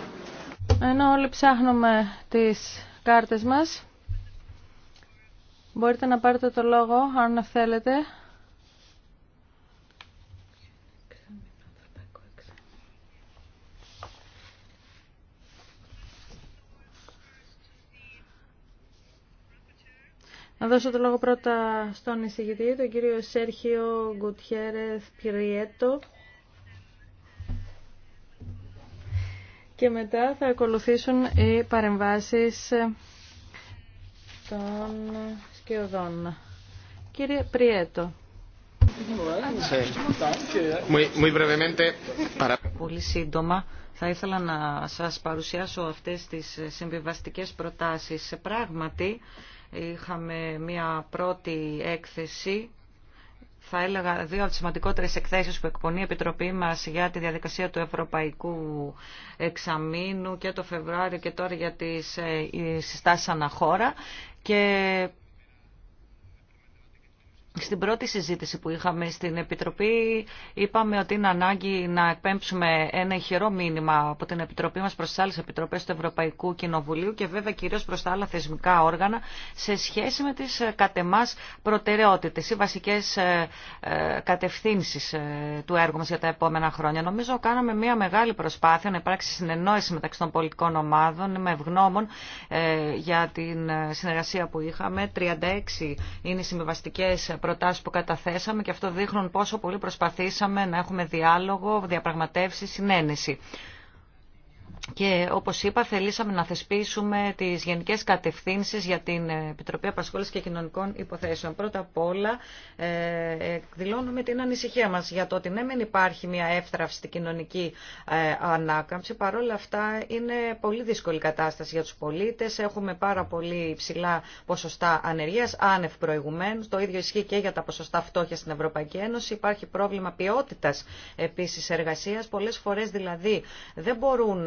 Ενώ όλοι ψάχνουμε τις κάρτες μας, μπορείτε να πάρετε το λόγο αν θέλετε. Να δώσω το λόγο πρώτα στον εισηγητή, τον κύριο Σέρχιο Γκουτιέρεθ Πριέτο Και μετά θα ακολουθήσουν οι παρεμβάσεις των σκιωδών. Κύριε Πριέτο. Πολύ σύντομα θα ήθελα να σας παρουσιάσω αυτές τις συμβιβαστικές προτάσεις. Πράγματι, Είχαμε μια πρώτη έκθεση θα έλεγα, δύο από τις σημαντικότερες εκθέσεις που εκπονεί η Επιτροπή μας για τη διαδικασία του Ευρωπαϊκού Εξαμήνου και το Φεβρουάριο και τώρα για τις ε, συστάσεις αναχώρα. Και στην πρώτη συζήτηση που είχαμε στην Επιτροπή είπαμε ότι είναι ανάγκη να εκπέμψουμε ένα ηχηρό μήνυμα από την Επιτροπή μας προς τις άλλες Επιτροπές του Ευρωπαϊκού Κοινοβουλίου και βέβαια κυρίως προς τα άλλα θεσμικά όργανα σε σχέση με τις ε, κατ' εμάς προτεραιότητες ή βασικές ε, ε, κατευθύνσεις του έργου μας για τα επόμενα χρόνια. Νομίζω κάναμε μια μεγάλη προσπάθεια να υπάρξει συνεννόηση μεταξύ των πολιτικών ομάδων με ευγνώμων για την συνεργασία που είχαμε. 36 είναι οι συμβιβαστικές προτάσεις που καταθέσαμε και αυτό δείχνουν πόσο πολύ προσπαθήσαμε να έχουμε διάλογο, διαπραγματεύσει, συνένεση. Και όπως είπα, θελήσαμε να θεσπίσουμε τις γενικές κατευθύνσεις για την Επιτροπή Απασχόλησης και Κοινωνικών Υποθέσεων. Πρώτα απ' όλα, ε, εκδηλώνουμε την ανησυχία μας για το ότι ναι, δεν υπάρχει μια εύθραυστη κοινωνική ε, ανάκαμψη. Παρ' όλα αυτά, είναι πολύ δύσκολη κατάσταση για τους πολίτες. Έχουμε πάρα πολύ ψηλά ποσοστά ανεργίας, άνευ προηγουμένου. Το ίδιο ισχύει και για τα ποσοστά φτώχεια στην Ευρωπαϊκή Ένωση. Υπάρχει πρόβλημα ποιότητας επίσης εργασίας. Πολλές φορές δηλαδή δεν μπορούν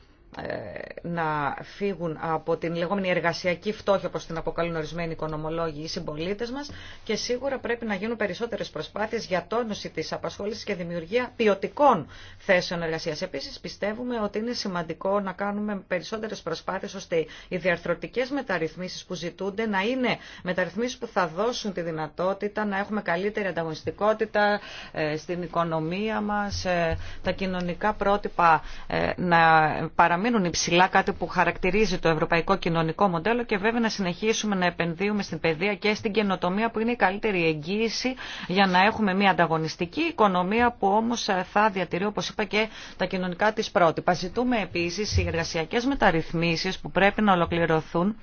Ε, να φύγουν από την λεγόμενη εργασιακή φτώχεια, όπω την αποκαλούν ορισμένοι οικονομολόγοι ή συμπολίτε μα και σίγουρα πρέπει να γίνουν περισσότερε προσπάθειες για τόνωση τη απασχόλησης και δημιουργία ποιοτικών θέσεων εργασία. Επίση, πιστεύουμε ότι είναι σημαντικό να κάνουμε περισσότερε προσπάθειε ώστε οι διαρθρωτικές μεταρρυθμίσει που ζητούνται να είναι μεταρρυθμίσεις που θα δώσουν τη δυνατότητα να έχουμε καλύτερη ανταγωνιστικότητα ε, στην οικονομία μα, ε, τα κοινωνικά πρότυπα να παραμείνουν παραμείνουν υψηλά, κάτι που χαρακτηρίζει το ευρωπαϊκό κοινωνικό μοντέλο και βέβαια να συνεχίσουμε να επενδύουμε στην παιδεία και στην καινοτομία που είναι η καλύτερη εγγύηση για να έχουμε μια ανταγωνιστική οικονομία που όμως ε, θα διατηρεί όπως είπα και τα κοινωνικά της πρότυπα. Ζητούμε επίσης οι εργασιακέ μεταρρυθμίσεις που πρέπει να ολοκληρωθούν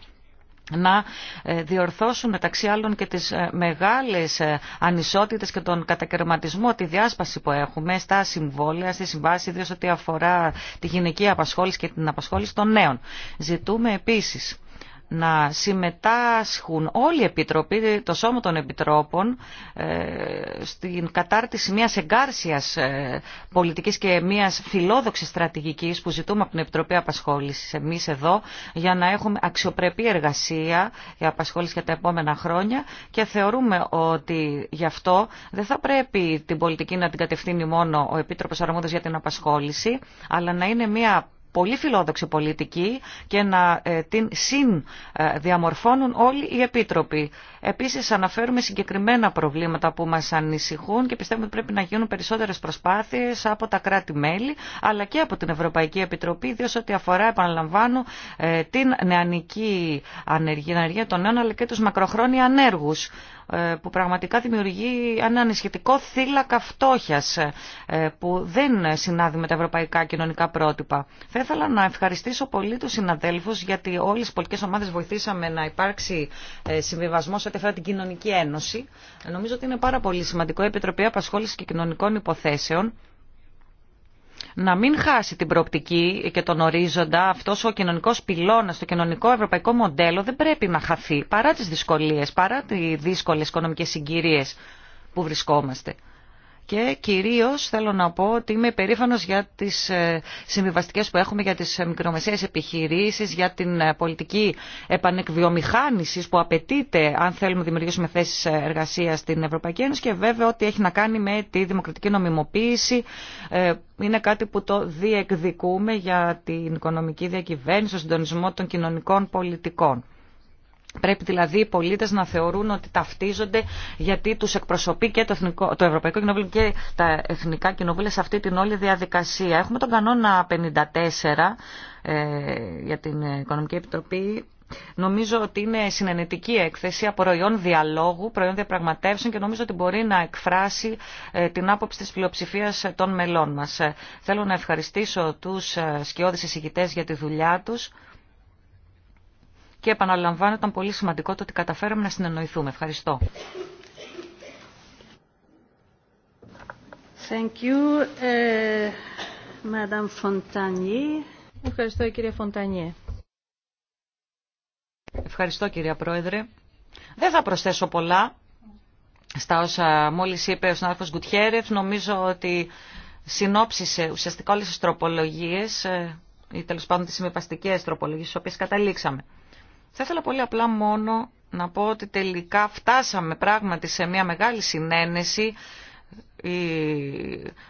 να ε, διορθώσουν μεταξύ άλλων και τις ε, μεγάλες ε, ανισότητες και τον κατακαιρματισμό, τη διάσπαση που έχουμε στα συμβόλαια, στη συμβάση, ιδίως ό,τι αφορά τη γυναική απασχόληση και την απασχόληση των νέων. Ζητούμε επίσης να συμμετάσχουν όλοι οι επιτροποί, το Σώμα των Επιτρόπων, ε, στην κατάρτιση μιας εγκάρσιας ε, πολιτικής και μιας φιλόδοξης στρατηγικής που ζητούμε από την Επιτροπή Απασχόλησης εμείς εδώ, για να έχουμε αξιοπρεπή εργασία για απασχόληση για τα επόμενα χρόνια και θεωρούμε ότι γι' αυτό δεν θα πρέπει την πολιτική να την κατευθύνει μόνο ο Επίτροπος Αρμόδος για την Απασχόληση, αλλά να είναι μια πολύ φιλόδοξη πολιτική και να ε, την συνδιαμορφώνουν ε, όλοι οι επίτροποι. Επίσης αναφέρουμε συγκεκριμένα προβλήματα που μας ανησυχούν και πιστεύουμε ότι πρέπει να γίνουν περισσότερες προσπάθειες από τα κράτη-μέλη αλλά και από την Ευρωπαϊκή Επιτροπή διότι ό,τι αφορά, επαναλαμβάνω, ε, την νεανική ανεργία, ανεργία των νέων αλλά και τους μακροχρόνια ανέργους. Ε, που πραγματικά δημιουργεί ένα ανησυχητικό θύλακα φτώχεια ε, που δεν συνάδει με τα ευρωπαϊκά κοινωνικά πρότυπα. Θα ήθελα να ευχαριστήσω πολύ του συναδέλφου γιατί όλε οι πολιτικέ ομάδε βοηθήσαμε να υπάρξει ε, συμβιβασμό ό,τι αφορά την κοινωνική ένωση. Νομίζω ότι είναι πάρα πολύ σημαντικό η Επιτροπή Απασχόληση και Κοινωνικών Υποθέσεων να μην χάσει την προοπτική και τον ορίζοντα. αυτό ο κοινωνικός πυλώνας, το κοινωνικό ευρωπαϊκό μοντέλο δεν πρέπει να χαθεί παρά τις δυσκολίες, παρά τις δύσκολε οικονομικέ συγκυρίε που βρισκόμαστε. Και κυρίως θέλω να πω ότι είμαι περήφανος για τις ε, συμβιβαστικέ που έχουμε για τις ε, μικρομεσαίες επιχειρήσεις, για την ε, πολιτική επανεκβιομηχάνησης που απαιτείται αν θέλουμε να δημιουργήσουμε θέσεις εργασίας στην Ευρωπαϊκή Ένωση και βέβαια ότι έχει να κάνει με τη δημοκρατική νομιμοποίηση. Είναι κάτι που το διεκδικούμε για την οικονομική διακυβέρνηση, τον συντονισμό των κοινωνικών πολιτικών. Πρέπει δηλαδή οι πολίτε να θεωρούν ότι ταυτίζονται γιατί του εκπροσωπεί και το, Εθνικό, το Ευρωπαϊκό Κοινοβούλιο και τα Εθνικά Κοινοβούλια σε αυτή την όλη διαδικασία. Έχουμε τον κανόνα 54 ε, για την Οικονομική Επιτροπή. Νομίζω ότι είναι συνενετική έκθεση από προϊόν διαλόγου, προϊόν διαπραγματεύσεων και νομίζω ότι μπορεί να εκφράσει ε, την άποψη της πλειοψηφία των μελών μας. Ε, θέλω να ευχαριστήσω τους ε, σκιώδεις εισηγητές για τη δουλειά τους και επαναλαμβάνω ήταν πολύ σημαντικό το ότι καταφέραμε να συνεννοηθούμε. Ευχαριστώ. Thank you, uh, Madame Ευχαριστώ κύριε Φοντανιέ. Ευχαριστώ κυρία Πρόεδρε. Δεν θα προσθέσω πολλά στα όσα μόλις είπε ο συνάδελφος Γκουτιέρεφ. Νομίζω ότι συνόψισε ουσιαστικά όλες τις τροπολογίες ε, ή τέλος πάντων τις συμμεπαστικές τροπολογίες στις οποίες καταλήξαμε. Θα ήθελα πολύ απλά μόνο να πω ότι τελικά φτάσαμε πράγματι σε μια μεγάλη συνένεση η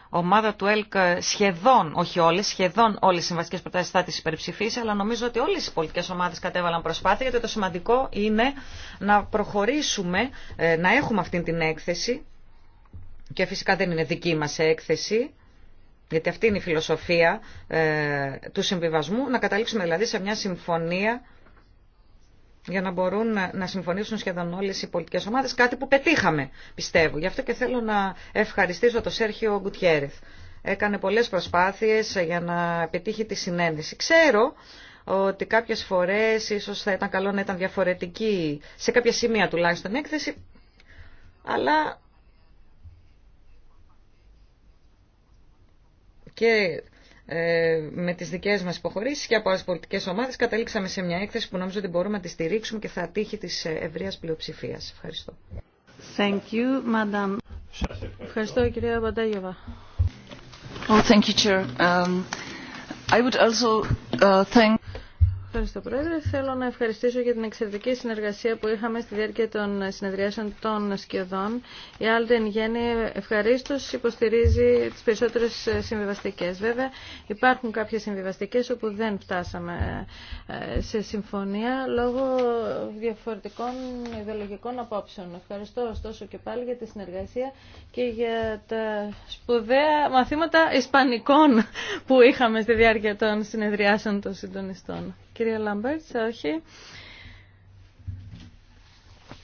ομάδα του ΕΛΚ σχεδόν, όχι όλε, σχεδόν όλε οι συμβαστικέ προτάσεις θα τις υπερψηφίσει, αλλά νομίζω ότι όλες οι πολιτικές ομάδες κατέβαλαν προσπάθεια, γιατί το σημαντικό είναι να προχωρήσουμε, ε, να έχουμε αυτή την έκθεση. Και φυσικά δεν είναι δική μας έκθεση, γιατί αυτή είναι η φιλοσοφία ε, του συμβιβασμού, να καταλήξουμε δηλαδή σε μια συμφωνία για να μπορούν να συμφωνήσουν σχεδόν όλε οι πολιτικέ ομάδε. Κάτι που πετύχαμε, πιστεύω. Γι' αυτό και θέλω να ευχαριστήσω τον Σέρχιο Γκουτιέρεθ. Έκανε πολλέ προσπάθειε για να πετύχει τη συνένεση. Ξέρω ότι κάποιε φορέ ίσω θα ήταν καλό να ήταν διαφορετική, σε κάποια σημεία τουλάχιστον έκθεση, αλλά και ε, με τις δικές μας υποχωρήσεις και από άλλες πολιτικές ομάδες καταλήξαμε σε μια έκθεση που νομίζω ότι μπορούμε να τη στηρίξουμε και θα τύχει της ε, ευρείας πλειοψηφίας. Ευχαριστώ. Thank you, Madam. Ευχαριστώ. κυρία Μπαντάγεβα. Oh, thank you, Chair. Um, I would also uh, thank... Ευχαριστώ, Πρόεδρε. Θέλω να ευχαριστήσω για την εξαιρετική συνεργασία που είχαμε στη διάρκεια των συνεδριάσεων των σκιωδών. Η Άλτεν γέννη ευχαρίστω υποστηρίζει τι περισσότερε συμβιβαστικέ. Βέβαια, υπάρχουν κάποιε συμβιβαστικέ όπου δεν φτάσαμε ε, σε συμφωνία λόγω διαφορετικών ιδεολογικών απόψεων. Ευχαριστώ ωστόσο και πάλι για τη συνεργασία και για τα σπουδαία μαθήματα Ισπανικών που είχαμε στη διάρκεια των συνεδριάσεων των συντονιστών. Κυρία Λαμπέρτς, όχι.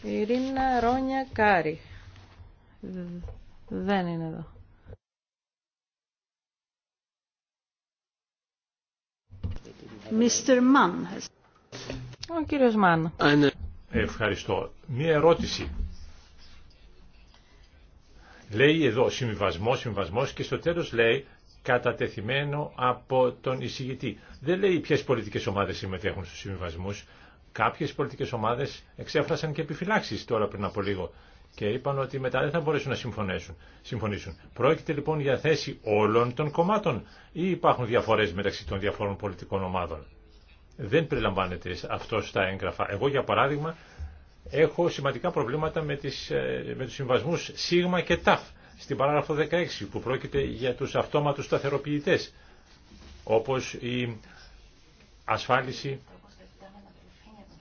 Ειρήνα Ρόνια Κάρι. Δεν είναι εδώ. Mr. Mann. Ο κύριος Μάν. Ναι. Ευχαριστώ. Μία ερώτηση. Λέει εδώ συμβιβασμό, συμβιβασμό και στο τέλος λέει κατατεθειμένο από τον εισηγητή. Δεν λέει ποιες πολιτικές ομάδες συμμετέχουν στους συμβιβασμούς. Κάποιες πολιτικές ομάδες εξέφρασαν και επιφυλάξεις τώρα πριν από λίγο και είπαν ότι μετά δεν θα μπορέσουν να συμφωνήσουν. συμφωνήσουν. Πρόκειται λοιπόν για θέση όλων των κομμάτων ή υπάρχουν διαφορές μεταξύ των διαφόρων πολιτικών ομάδων. Δεν περιλαμβάνεται αυτό στα έγγραφα. Εγώ για παράδειγμα έχω σημαντικά προβλήματα με, τις, ε, με τους συμβασμούς σίγμα και ταφ στην παράγραφο 16 που πρόκειται για τους αυτόματους σταθεροποιητές όπως η ασφάλιση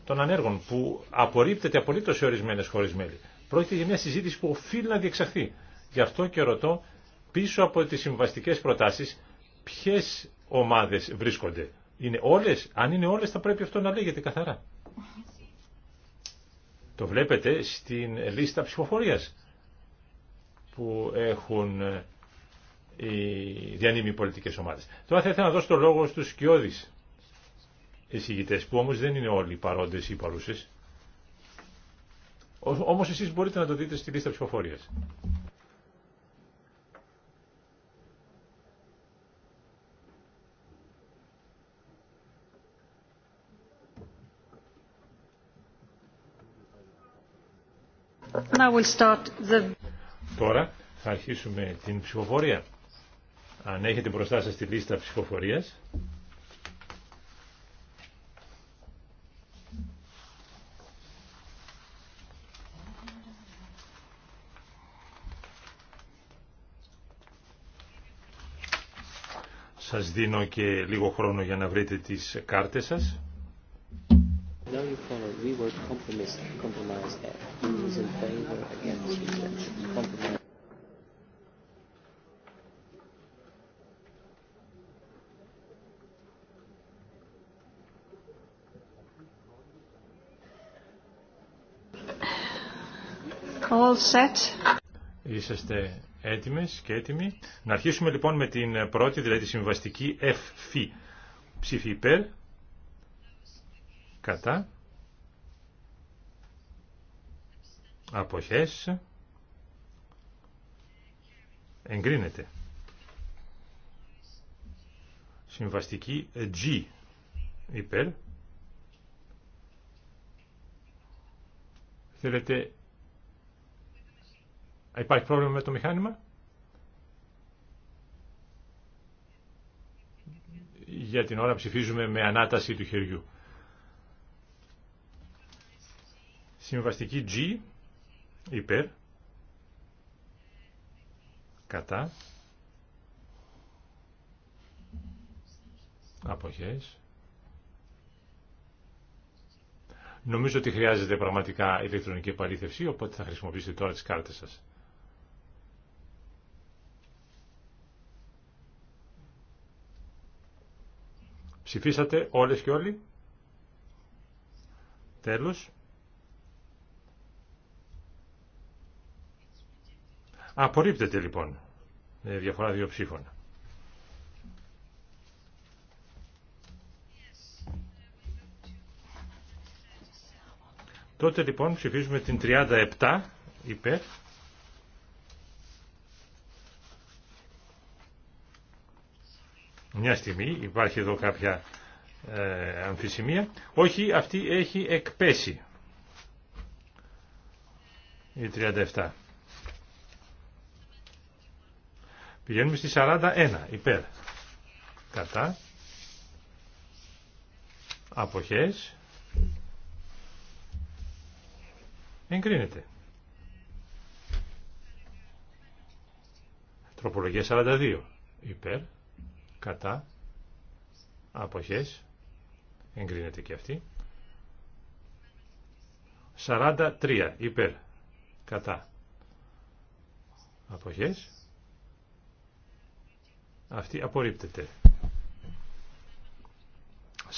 των ανέργων που απορρίπτεται απολύτως σε ορισμένες χώρες μέλη. Πρόκειται για μια συζήτηση που οφείλει να διεξαχθεί. Γι' αυτό και ρωτώ πίσω από τις συμβαστικές προτάσεις ποιες ομάδες βρίσκονται. Είναι όλες, αν είναι όλες θα πρέπει αυτό να λέγεται καθαρά. Το βλέπετε στην λίστα ψηφοφορίας που έχουν ε, οι διανύμοι πολιτικές ομάδες. Τώρα θα ήθελα να δώσω το λόγο στου σκιώδει εισηγητέ, που όμως δεν είναι όλοι παρόντες ή παρούσες. Όμως εσείς μπορείτε να το δείτε στη λίστα ψηφοφορία. Now we'll start the... Τώρα θα αρχίσουμε την ψηφοφορία. Αν έχετε μπροστά σας τη λίστα ψηφοφορίας, σας δίνω και λίγο χρόνο για να βρείτε τις κάρτες σας you follow, we work compromise, compromise F. Who's in favor, against, abstention, compromise. All set. Είσαστε έτοιμες και έτοιμοι. Να αρχίσουμε λοιπόν με την πρώτη, δηλαδή τη συμβαστική F. Ψήφι υπέρ. Κατά. αποχές εγκρίνεται. Συμβαστική G υπέρ. Θέλετε... Υπάρχει πρόβλημα με το μηχάνημα. Για την ώρα ψηφίζουμε με ανάταση του χεριού. Συμβαστική G υπέρ, κατά, αποχές. Νομίζω ότι χρειάζεται πραγματικά ηλεκτρονική επαλήθευση, οπότε θα χρησιμοποιήσετε τώρα τις κάρτες σας. Ψηφίσατε όλες και όλοι. Τέλος. Απορρίπτεται λοιπόν με διαφορά δύο ψήφων. Τότε λοιπόν ψηφίζουμε την 37 υπέρ. Μια στιγμή υπάρχει εδώ κάποια ε, αμφισημία. Όχι, αυτή έχει εκπέσει. Η 37. Πηγαίνουμε στη 41 υπέρ. Κατά. Αποχές. Εγκρίνεται. Τροπολογία 42. Υπέρ. Κατά. Αποχές. Εγκρίνεται και αυτή. 43. Υπέρ. Κατά. Αποχές. Αυτή απορρίπτεται.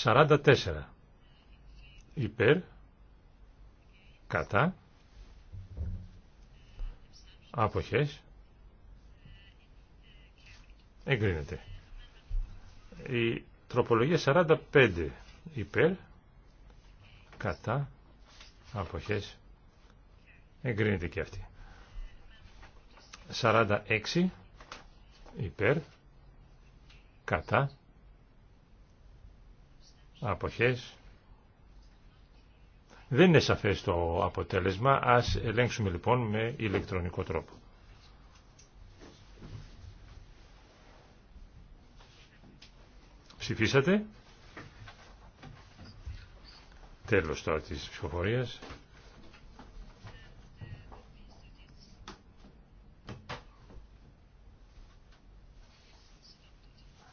44 υπέρ κατά άποχες εγκρίνεται. Η τροπολογία 45 υπέρ κατά άποχες εγκρίνεται και αυτή. 46 υπέρ κατά αποχές δεν είναι σαφές το αποτέλεσμα ας ελέγξουμε λοιπόν με ηλεκτρονικό τρόπο ψηφίσατε τέλος τώρα της ψηφοφορίας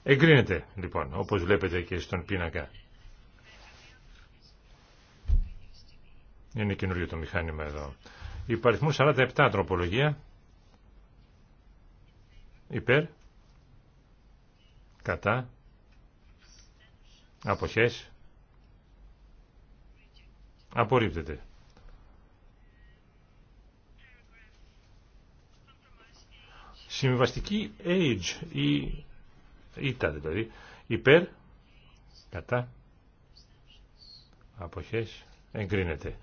Εγκρίνεται λοιπόν, όπως βλέπετε και στον πίνακα. Είναι καινούριο το μηχάνημα εδώ. Υπαριθμού 47 τροπολογία. Υπέρ. Κατά. Αποχές. Απορρίπτεται. Συμβαστική age ή Ήτα δηλαδή. Υπέρ. Κατά. Αποχές. Εγκρίνεται.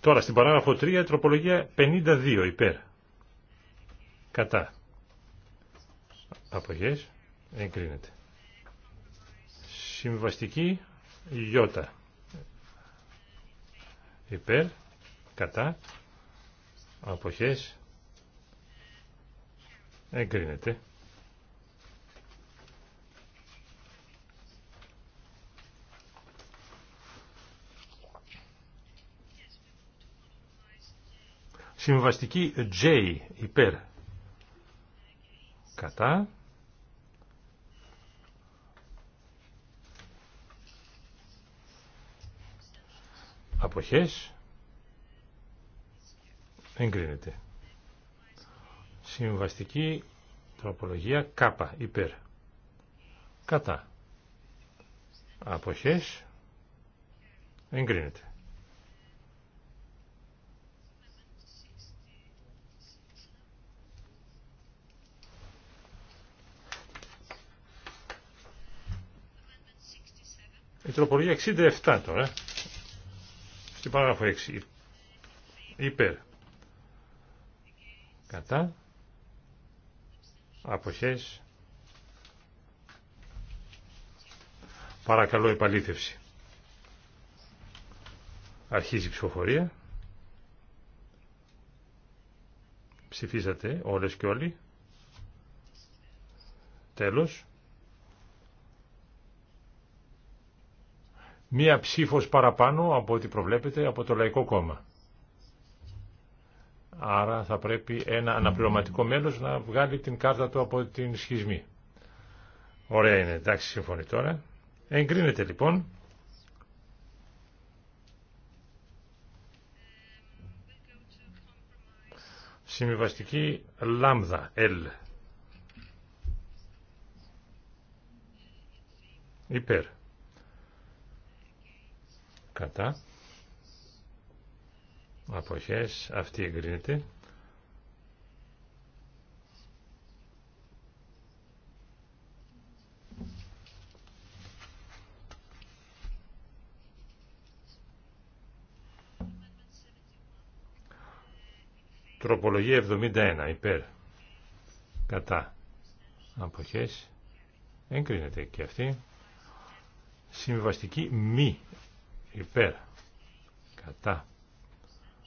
Τώρα στην παράγραφο 3 τροπολογία 52 υπέρ. Κατά. Αποχές. Εγκρίνεται. Συμβαστική γιώτα υπέρ, κατά, αποχές, εγκρίνεται. Συμβαστική J υπέρ, κατά, Αποχές. Εγκρίνεται. Συμβαστική τροπολογία καπα υπέρ. Κατά. Αποχές. Εγκρίνεται. Η τροπολογία 67 τώρα. Στην παράγραφο 6. Υπέρ. Κατά. Αποχές. Παρακαλώ επαλήθευση. Αρχίζει η ψηφοφορία. Ψηφίσατε όλες και όλοι. Τέλος. μία ψήφος παραπάνω από ό,τι προβλέπεται από το Λαϊκό Κόμμα. Άρα θα πρέπει ένα αναπληρωματικό μέλος να βγάλει την κάρτα του από την σχισμή. Ωραία είναι, εντάξει, συμφωνεί τώρα. Εγκρίνεται λοιπόν. Συμβιβαστική λάμδα, L. Υπέρ κατά αποχές αυτή εγκρίνεται Τροπολογία 71 υπέρ κατά αποχές εγκρίνεται και αυτή συμβιβαστική μη υπέρ κατά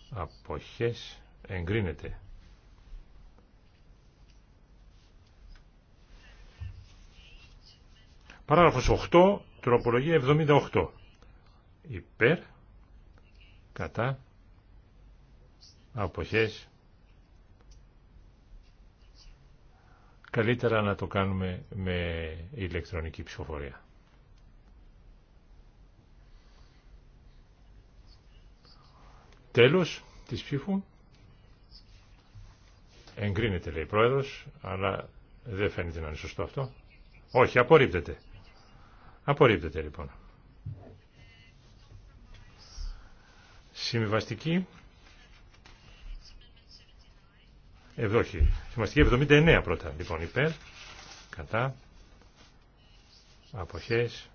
αποχές εγκρίνεται. Παράγραφος 8, τροπολογία 78. Υπέρ, κατά, αποχές. Καλύτερα να το κάνουμε με ηλεκτρονική ψηφοφορία. Τέλος της ψήφου. Εγκρίνεται λέει πρόεδρος, αλλά δεν φαίνεται να είναι σωστό αυτό. Όχι, απορρίπτεται. Απορρίπτεται λοιπόν. Συμβιβαστική. Ευδόχη. Συμβαστική 79 πρώτα. Λοιπόν, υπέρ. Κατά. Αποχές.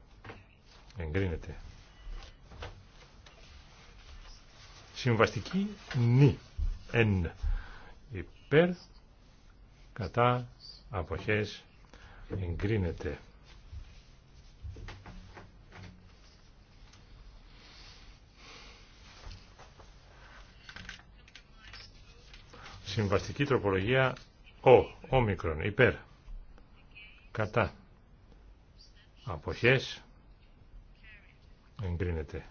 Εγκρίνεται. Συμβαστική νη. Εν. Υπέρ. Κατά. Αποχές. Εγκρίνεται. Συμβαστική τροπολογία ο, όμικρον, υπέρ, κατά, αποχές, εγκρίνεται.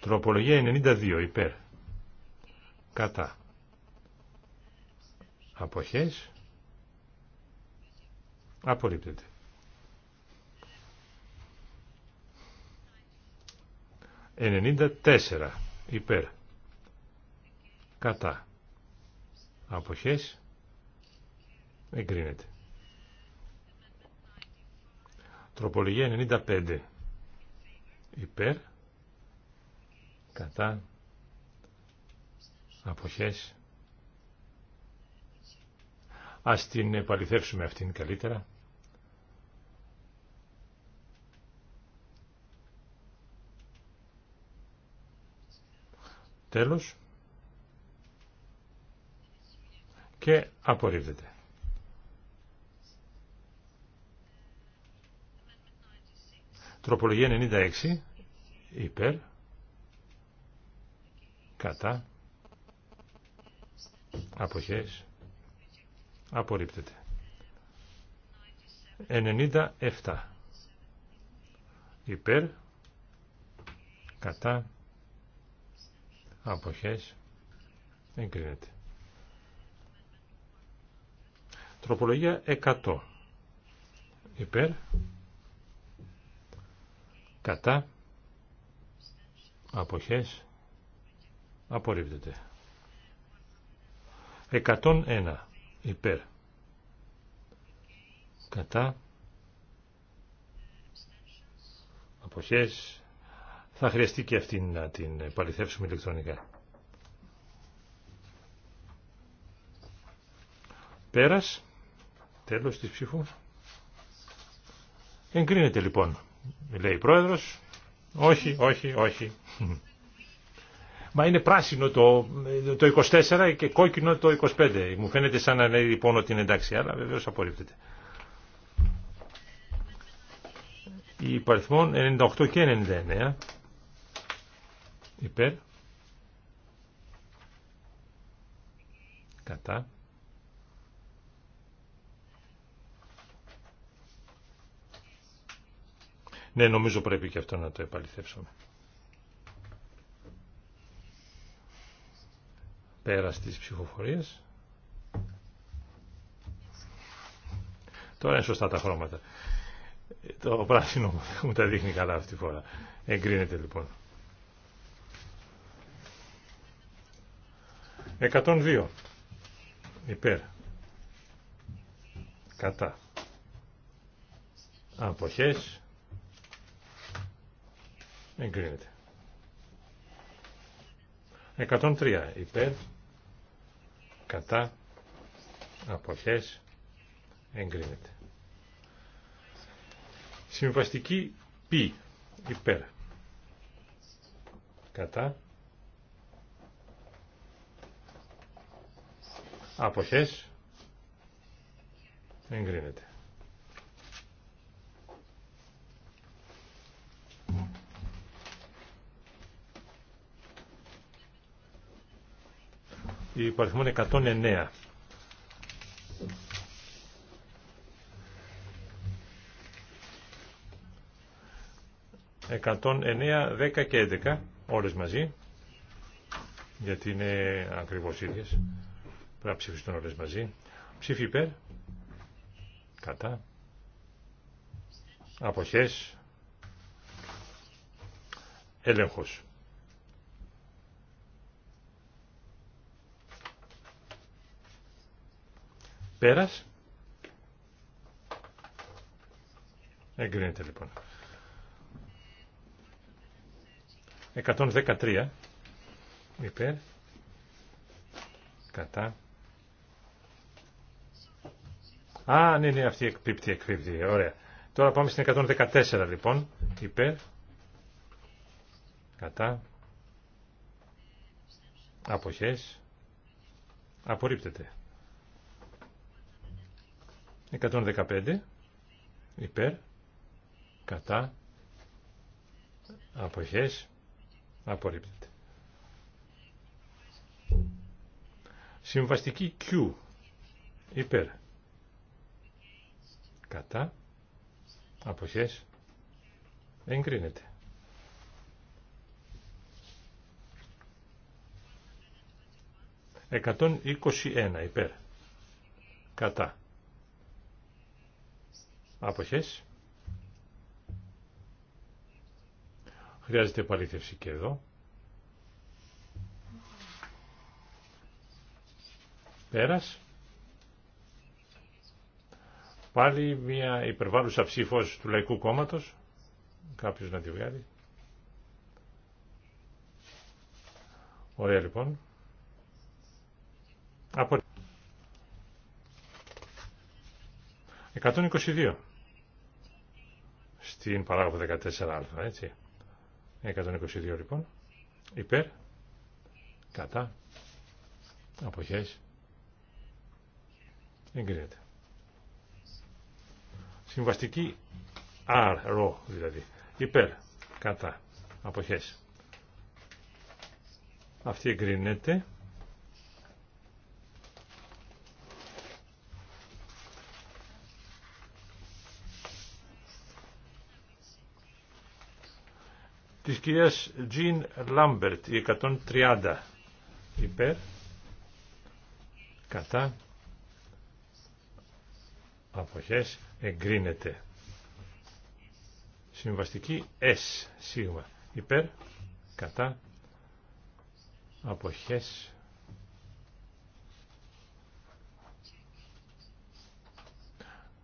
Τροπολογία 92 υπέρ. Κατά. Αποχές. Απορρίπτεται. Ενενήντα τέσσερα υπέρ. Κατά. Αποχές. Εγκρίνεται. Τροπολογία 95 υπέρ κατά αποχές ας την επαληθεύσουμε αυτήν καλύτερα τέλος και απορρίπτεται. Τροπολογία 96 υπέρ κατά αποχές απορρίπτεται 97 υπέρ κατά αποχές εγκρίνεται τροπολογία 100 υπέρ κατά αποχές Απορρίπτεται. 101 υπέρ. Κατά. Αποχές. Θα χρειαστεί και αυτή να την παληθεύσουμε ηλεκτρονικά. Πέρας. Τέλος της ψήφου. Εγκρίνεται λοιπόν. Λέει η πρόεδρος. Όχι, όχι, όχι. Μα είναι πράσινο το, το 24 και κόκκινο το 25. Μου φαίνεται σαν να λέει λοιπόν ότι είναι εντάξει, αλλά βεβαίω απορρίπτεται. Οι υπαριθμών 98 και 99 υπέρ κατά Ναι, νομίζω πρέπει και αυτό να το επαληθεύσουμε. πέρα της ψηφοφορίας. Τώρα είναι σωστά τα χρώματα. Το πράσινο μου τα δείχνει καλά αυτή τη φορά. Εγκρίνεται λοιπόν. 102. Υπέρ. Κατά. Αποχές. Εγκρίνεται. 103. Υπέρ κατά αποχές εγκρίνεται. Συμβαστική πί, υπέρ κατά αποχές εγκρίνεται. υπαριθμών 109. 109, 10 και 11 όλες μαζί γιατί είναι ακριβώς ίδιες πρέπει να ψηφιστούν όλες μαζί ψήφι υπέρ κατά αποχές έλεγχος Πέρας. Εγκρίνεται λοιπόν. 113 υπέρ κατά Α, ναι, ναι, αυτή εκπίπτει, εκπίπτει, ωραία. Τώρα πάμε στην 114 λοιπόν, υπέρ, κατά, αποχές, απορρίπτεται. 115 υπέρ κατά αποχές απορρίπτεται. Συμβαστική Q υπέρ κατά αποχές εγκρίνεται. 121 υπέρ κατά Άποχες. Χρειάζεται επαλήθευση και εδώ. Πέρας. Πάλι μια υπερβάλλουσα ψήφος του Λαϊκού Κόμματος. Κάποιος να τη βγάλει. Ωραία λοιπόν. Από... 122 στην παράγραφο 14α, έτσι. 122 λοιπόν. Υπέρ. Κατά. Αποχές. Εγκρίνεται. Συμβαστική R, ρο δηλαδή. Υπέρ. Κατά. Αποχές. Αυτή εγκρίνεται. της κυρίας Τζιν Λάμπερτ η 130 υπέρ, κατά, αποχές, εγκρίνεται. Συμβαστική S, σίγμα, υπέρ, κατά, αποχές,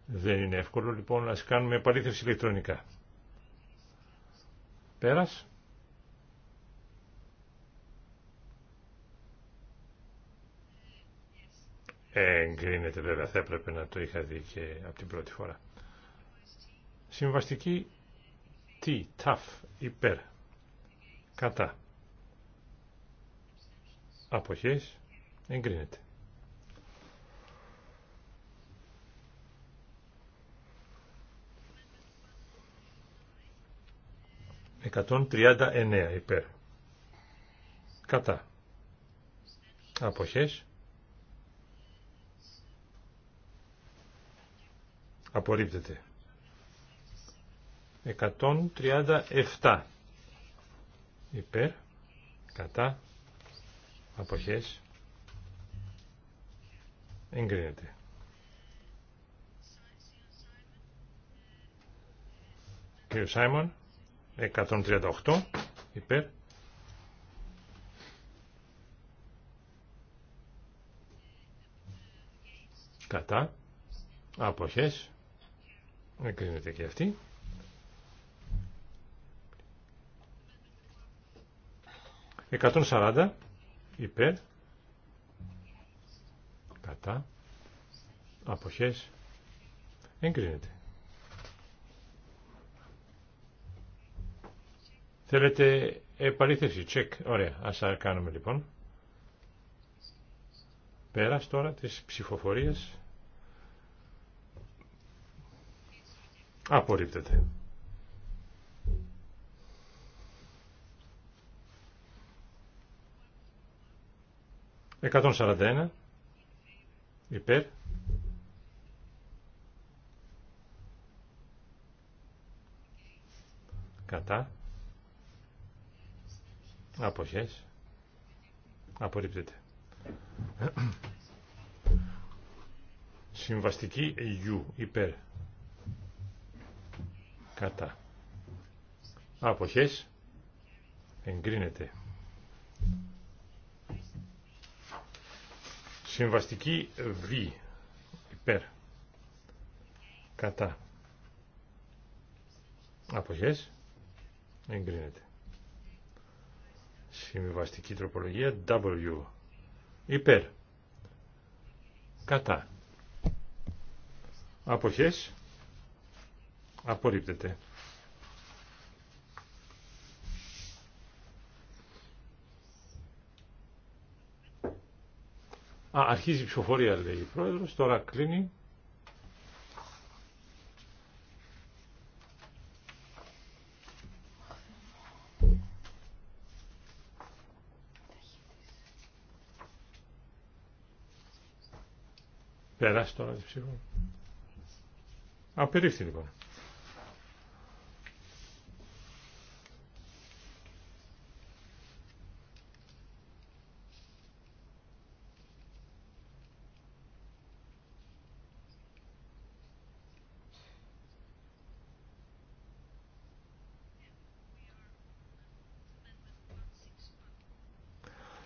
Δεν είναι εύκολο λοιπόν να κάνουμε επαλήθευση ηλεκτρονικά. Εγκρίνεται βέβαια, θα έπρεπε να το είχα δει και από την πρώτη φορά. Συμβαστική συμβαστική ταφ, υπέρ, κατά. Αποχές, εγκρίνεται. 139 υπέρ. Κατά. Αποχές. Απορρίπτεται. 137 υπέρ. Κατά. Αποχές. Εγκρίνεται. Κύριο Σάιμον. 138 υπέρ κατά αποχές εγκρίνεται και αυτή Εκατόν σαράντα υπέρ κατά αποχές εγκρίνεται. Θέλετε επαλήθευση, check. Ωραία, ας κάνουμε λοιπόν. Πέρας τώρα της ψηφοφορίας. Απορρίπτεται. 141. Υπέρ. Κατά. Αποχές. Απορρίπτεται. Συμβαστική U υπέρ. Κατά. Αποχές. Εγκρίνεται. Συμβαστική V υπέρ. Κατά. Αποχές. Εγκρίνεται. Συμβιβαστική τροπολογία W. Υπέρ. Κατά. Αποχές. Απορρίπτεται. Α, αρχίζει η ψηφοφορία λέει η πρόεδρος, τώρα κλείνει. Περάσει τώρα τη ψυχή. Απερίφθη λοιπόν.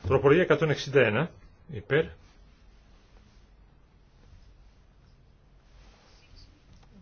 Τροπολογία 161 υπέρ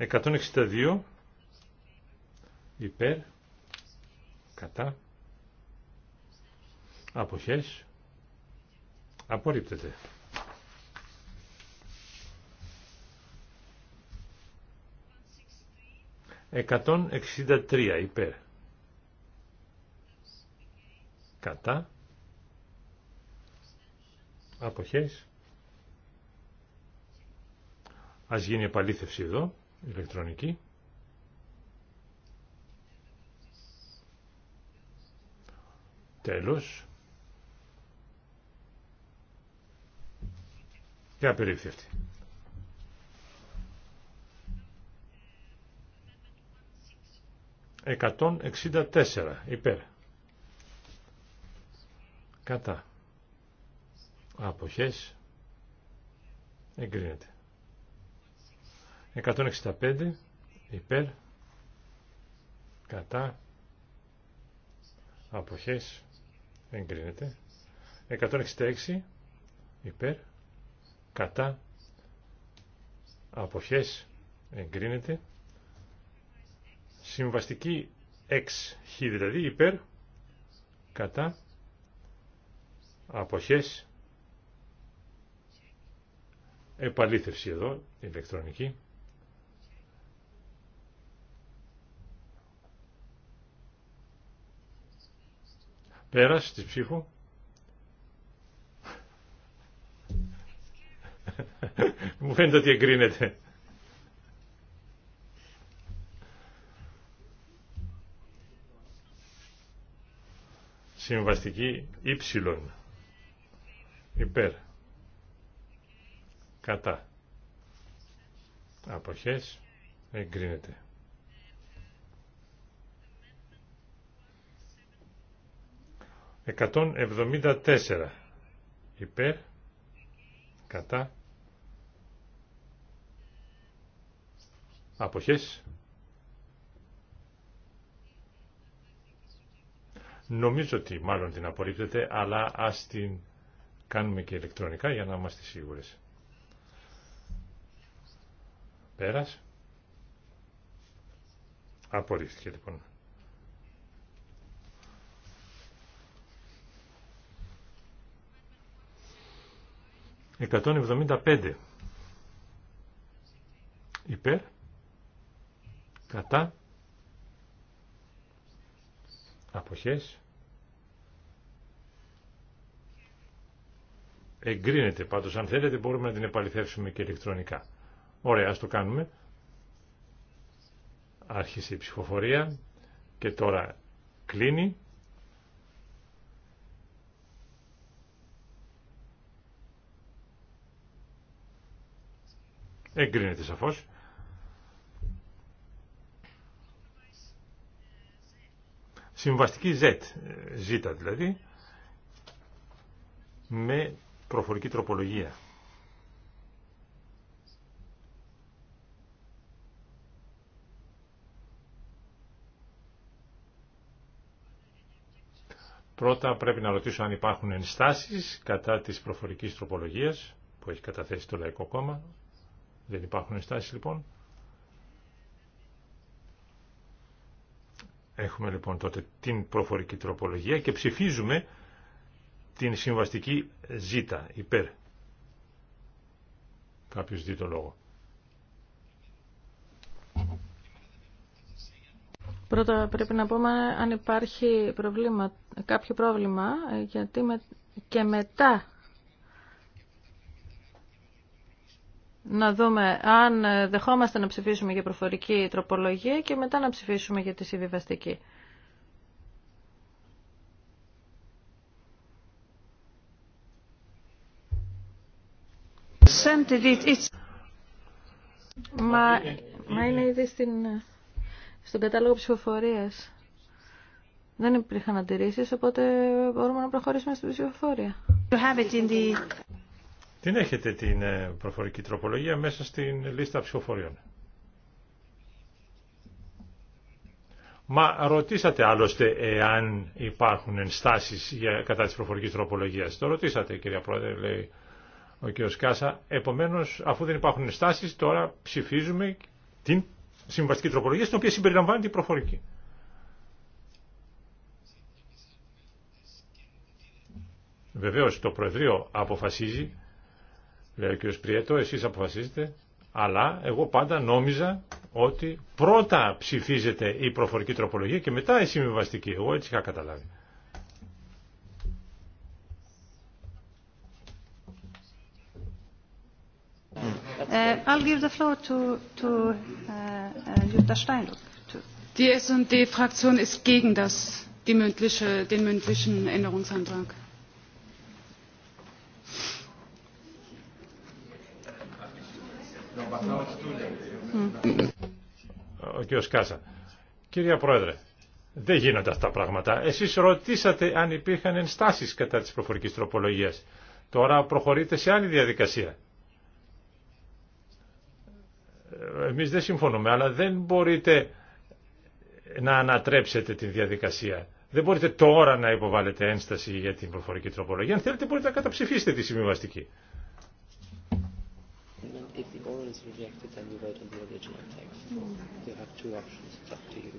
162 υπέρ κατά αποχές απορρίπτεται. Εκατόν εξήντα υπέρ. Κατά. Αποχές. Ας γίνει επαλήθευση εδώ. Ελεκτρονική. Τέλος. Και απερίφθη αυτή. τέσσερα. υπέρ. Κατά. Αποχές. Εγκρίνεται. 165 υπέρ κατά αποχές εγκρίνεται 166 υπέρ κατά αποχές εγκρίνεται συμβαστική 6 χ δηλαδή υπέρ κατά αποχές επαλήθευση εδώ ηλεκτρονική Πέρας της ψήφου. Μου φαίνεται ότι εγκρίνεται. Συμβαστική ύψιλον. Υπέρ. Κατά. Αποχές. Εγκρίνεται. 174 υπέρ κατά αποχές νομίζω ότι μάλλον την απορρίπτεται αλλά ας την κάνουμε και ηλεκτρονικά για να είμαστε σίγουρες πέρας απορρίφθηκε λοιπόν 175 υπέρ κατά αποχές εγκρίνεται πάντως αν θέλετε μπορούμε να την επαληθεύσουμε και ηλεκτρονικά ωραία ας το κάνουμε άρχισε η ψηφοφορία και τώρα κλείνει Εγκρίνεται σαφώς. Συμβαστική Z, Z δηλαδή, με προφορική τροπολογία. Πρώτα πρέπει να ρωτήσω αν υπάρχουν ενστάσεις κατά της προφορικής τροπολογίας που έχει καταθέσει το Λαϊκό Κόμμα. Δεν υπάρχουν ενστάσεις λοιπόν. Έχουμε λοιπόν τότε την προφορική τροπολογία και ψηφίζουμε την συμβαστική ζήτα υπέρ. Κάποιος δει το λόγο. Πρώτα πρέπει να πούμε αν υπάρχει προβλήμα, κάποιο πρόβλημα γιατί με, και μετά να δούμε αν ε, δεχόμαστε να ψηφίσουμε για προφορική τροπολογία και μετά να ψηφίσουμε για τη συμβιβαστική. Μα, μα είναι ήδη στην, ε, στον κατάλογο ψηφοφορίας. Δεν υπήρχαν αντιρρήσεις, οπότε μπορούμε να προχωρήσουμε στην ψηφοφορία. Την έχετε την ε, προφορική τροπολογία μέσα στην λίστα ψηφοφοριών. Μα ρωτήσατε άλλωστε εάν υπάρχουν ενστάσεις για, κατά της προφορικής τροπολογίας. Το ρωτήσατε κυρία Πρόεδρε, λέει ο κύριος Κάσα. Επομένως, αφού δεν υπάρχουν ενστάσεις, τώρα ψηφίζουμε την συμβαστική τροπολογία, στην οποία συμπεριλαμβάνεται η προφορική. Βεβαίως το Προεδρείο αποφασίζει λέει ο κ. Πριέτο, εσείς αποφασίζετε, αλλά εγώ πάντα νόμιζα ότι πρώτα ψηφίζεται η προφορική τροπολογία και μετά η συμβιβαστική. Εγώ έτσι είχα καταλάβει. Ε, I'll give the floor to, to ε, ε, Jutta Steinruck. Die S&D-Fraktion ist gegen das, die mündliche, den mündlichen Änderungsantrag. Ο κύριος Κάσα. Κυρία Πρόεδρε, δεν γίνονται αυτά τα πράγματα. Εσείς ρωτήσατε αν υπήρχαν ενστάσεις κατά της προφορικής τροπολογίας. Τώρα προχωρείτε σε άλλη διαδικασία. Εμείς δεν συμφωνούμε, αλλά δεν μπορείτε να ανατρέψετε τη διαδικασία. Δεν μπορείτε τώρα να υποβάλλετε ένσταση για την προφορική τροπολογία. Αν θέλετε μπορείτε να καταψηφίσετε τη συμβιβαστική. If the oral is rejected, then you vote on the original text. Mm. You have two options. It's up to you.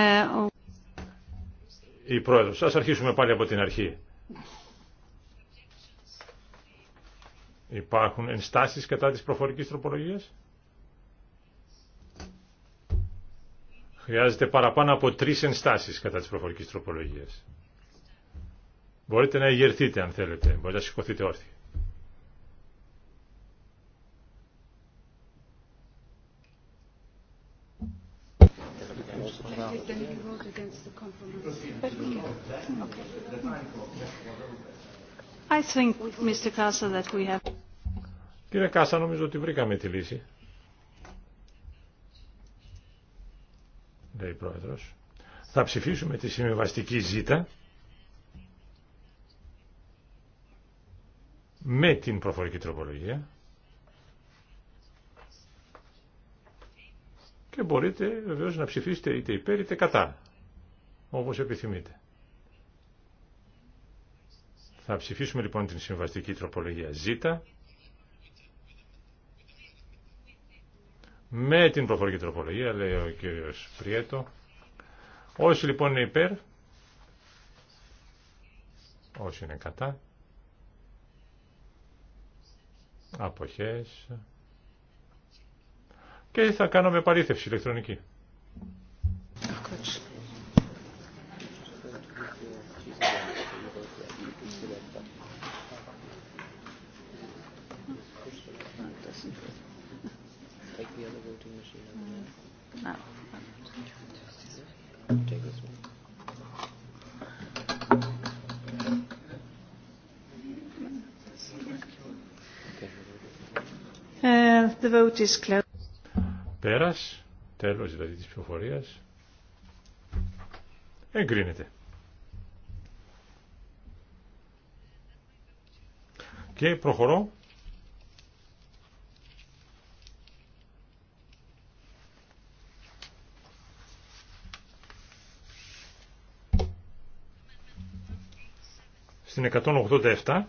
Uh, oh. Η πρόεδρος. Ας αρχίσουμε πάλι από την αρχή. Υπάρχουν ενστάσεις κατά της προφορικής τροπολογίας. Χρειάζεται παραπάνω από τρεις ενστάσεις κατά της προφορικής τροπολογίας. Μπορείτε να ηγερθείτε αν θέλετε. Μπορείτε να σηκωθείτε όρθιοι. I think, Mr. Kassa, that we have... Κύριε Κάσα, νομίζω ότι βρήκαμε τη λύση. Λέει η Πρόεδρος. Θα ψηφίσουμε τη συμβιβαστική ζήτα με την προφορική τροπολογία και μπορείτε βεβαίως να ψηφίσετε είτε υπέρ είτε κατά, όπως επιθυμείτε. Θα ψηφίσουμε λοιπόν την συμβαστική τροπολογία Ζ με την προφορική τροπολογία, λέει ο κύριος Πριέτο. Όσοι λοιπόν είναι υπέρ, όσοι είναι κατά, αποχές και θα κάνουμε παρήθευση ηλεκτρονική. Πέρας, τέλος δηλαδή της ψηφοφορίας. Εγκρίνεται. Και προχωρώ. Στην 187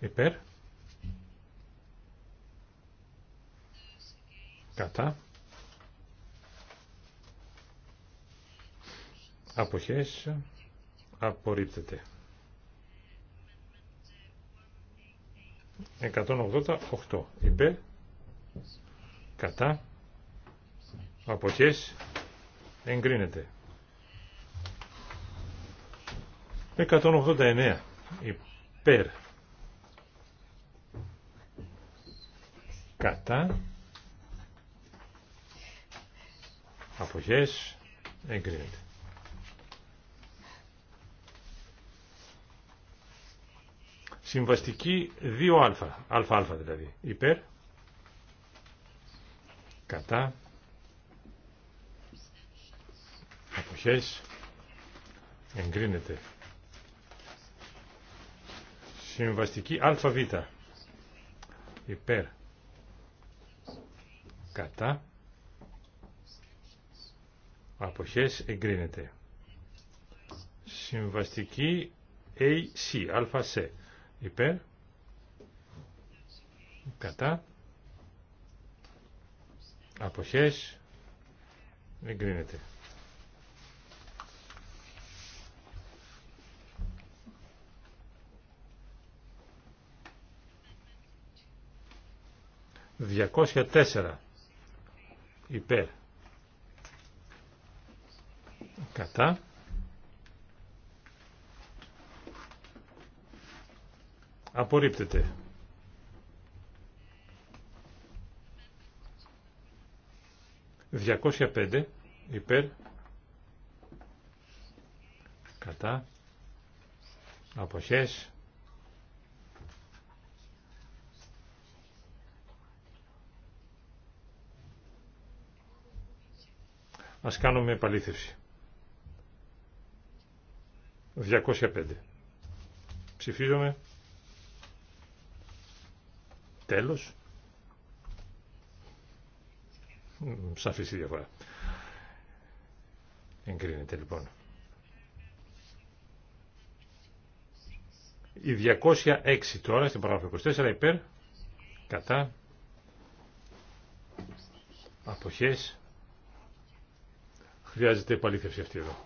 υπέρ κατά αποχές απορρίπτεται 188 υπέρ κατά αποχές εγκρίνεται 189 υπέρ κατά αποχές εγκρίνεται. Συμβαστική 2α, Αλφα-αλφα δηλαδή, υπέρ, κατά, αποχές, εγκρίνεται. Συμβαστική αβ, υπέρ, κατά, Αποχές εγκρίνεται. Συμβαστική AC, ΑΣ. Υπέρ. Κατά. Αποχές εγκρίνεται. Διακόσια τέσσερα υπέρ Κατά. Απορρίπτεται. πέντε υπέρ κατά αποχές Ας κάνουμε επαλήθευση. 205. Ψηφίζομαι. Τέλος. Σαφής η διαφορά. Εγκρίνεται λοιπόν. Η 206 τώρα στην παράγραφο 24 υπέρ κατά αποχές χρειάζεται επαλήθευση αυτή εδώ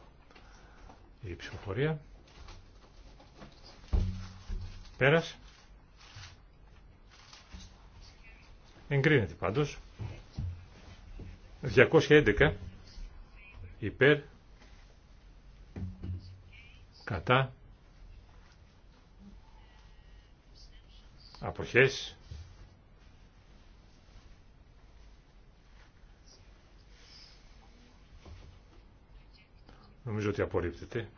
η ψηφοφορία. πέρασε, Εγκρίνεται πάντως. 211 υπέρ κατά αποχές Νομίζω ότι απορρίπτεται.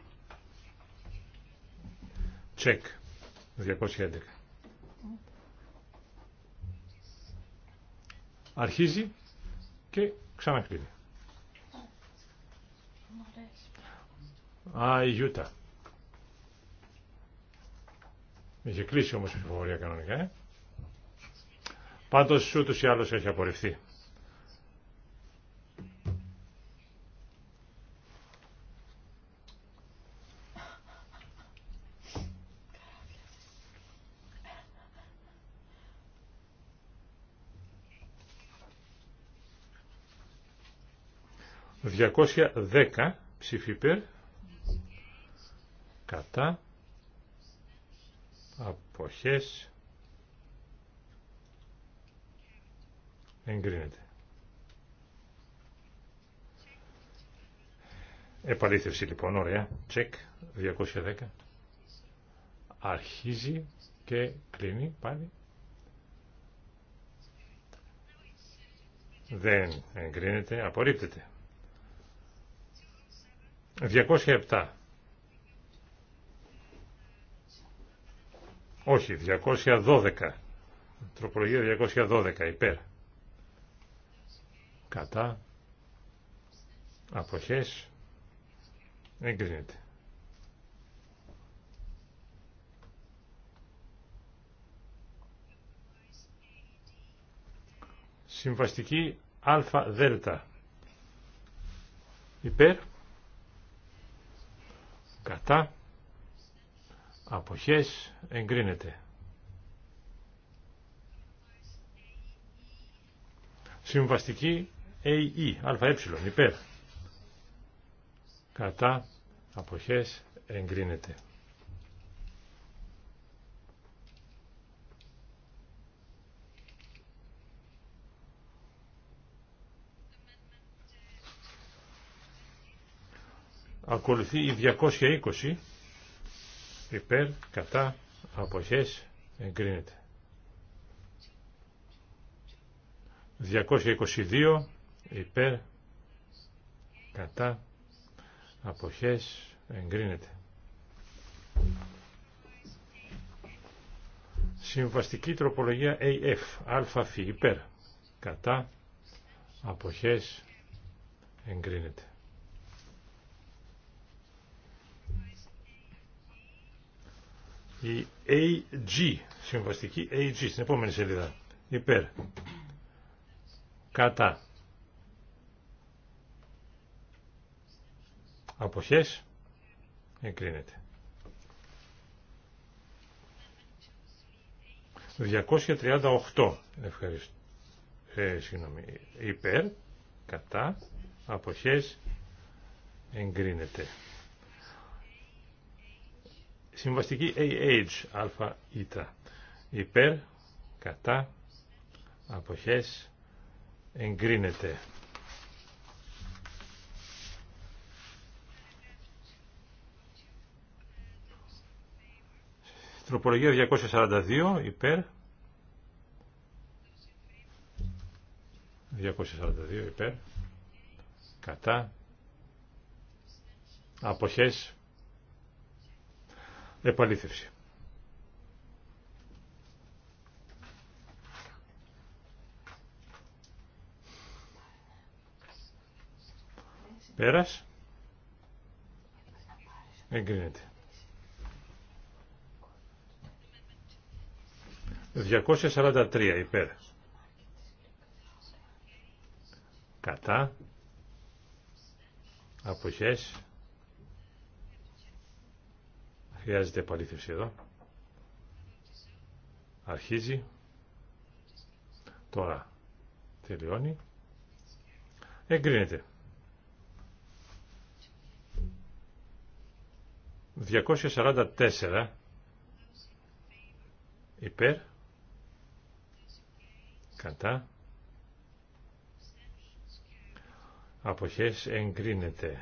Τσεκ. 211. Αρχίζει και ξανακλίνει. Α, η Γιούτα. Είχε κλείσει όμως η ψηφοφορία κανονικά, ε. Πάντως ούτως ή άλλως έχει απορριφθεί. 210 ψηφίπερ κατά, αποχές, εγκρίνεται. Επαλήθευση λοιπόν, ωραία, τσεκ, 210, αρχίζει και κλείνει πάλι. Δεν εγκρίνεται, απορρίπτεται. 207. Όχι, 212. Τροπολογία 212, υπέρ. Κατά. Αποχές. Εγκρίνεται. Συμβαστική α δέλτα. Υπέρ κατά αποχές εγκρίνεται. Συμβαστική e. ΑΕ, ΑΕ, υπέρ. Κατά αποχές εγκρίνεται. Ακολουθεί η 220 υπέρ κατά αποχές εγκρίνεται. 222 υπέρ κατά αποχές εγκρίνεται. Συμβαστική τροπολογία AF, αφ, υπέρ, κατά, αποχές, εγκρίνεται. Η AG, συμβαστική AG, στην επόμενη σελίδα. Υπέρ. Κατά. Αποχές. Εγκρίνεται. 238. Ευχαριστώ. Ε, συγγνώμη. Υπέρ. Κατά. Αποχές. Εγκρίνεται. Συμβαστική AH, αλφα ή, υπέρ, κατά, αποχές, εγκρίνεται. Τροπολογία 242, υπέρ. 242, υπέρ. Κατά. Αποχές επαλήθευση. Πέρας. Εγκρίνεται. 243 υπέρ. Κατά. Αποχές. Χρειάζεται επαλήθευση εδώ. Αρχίζει. Τώρα τελειώνει. Εγκρίνεται. 244 υπέρ κατά αποχές εγκρίνεται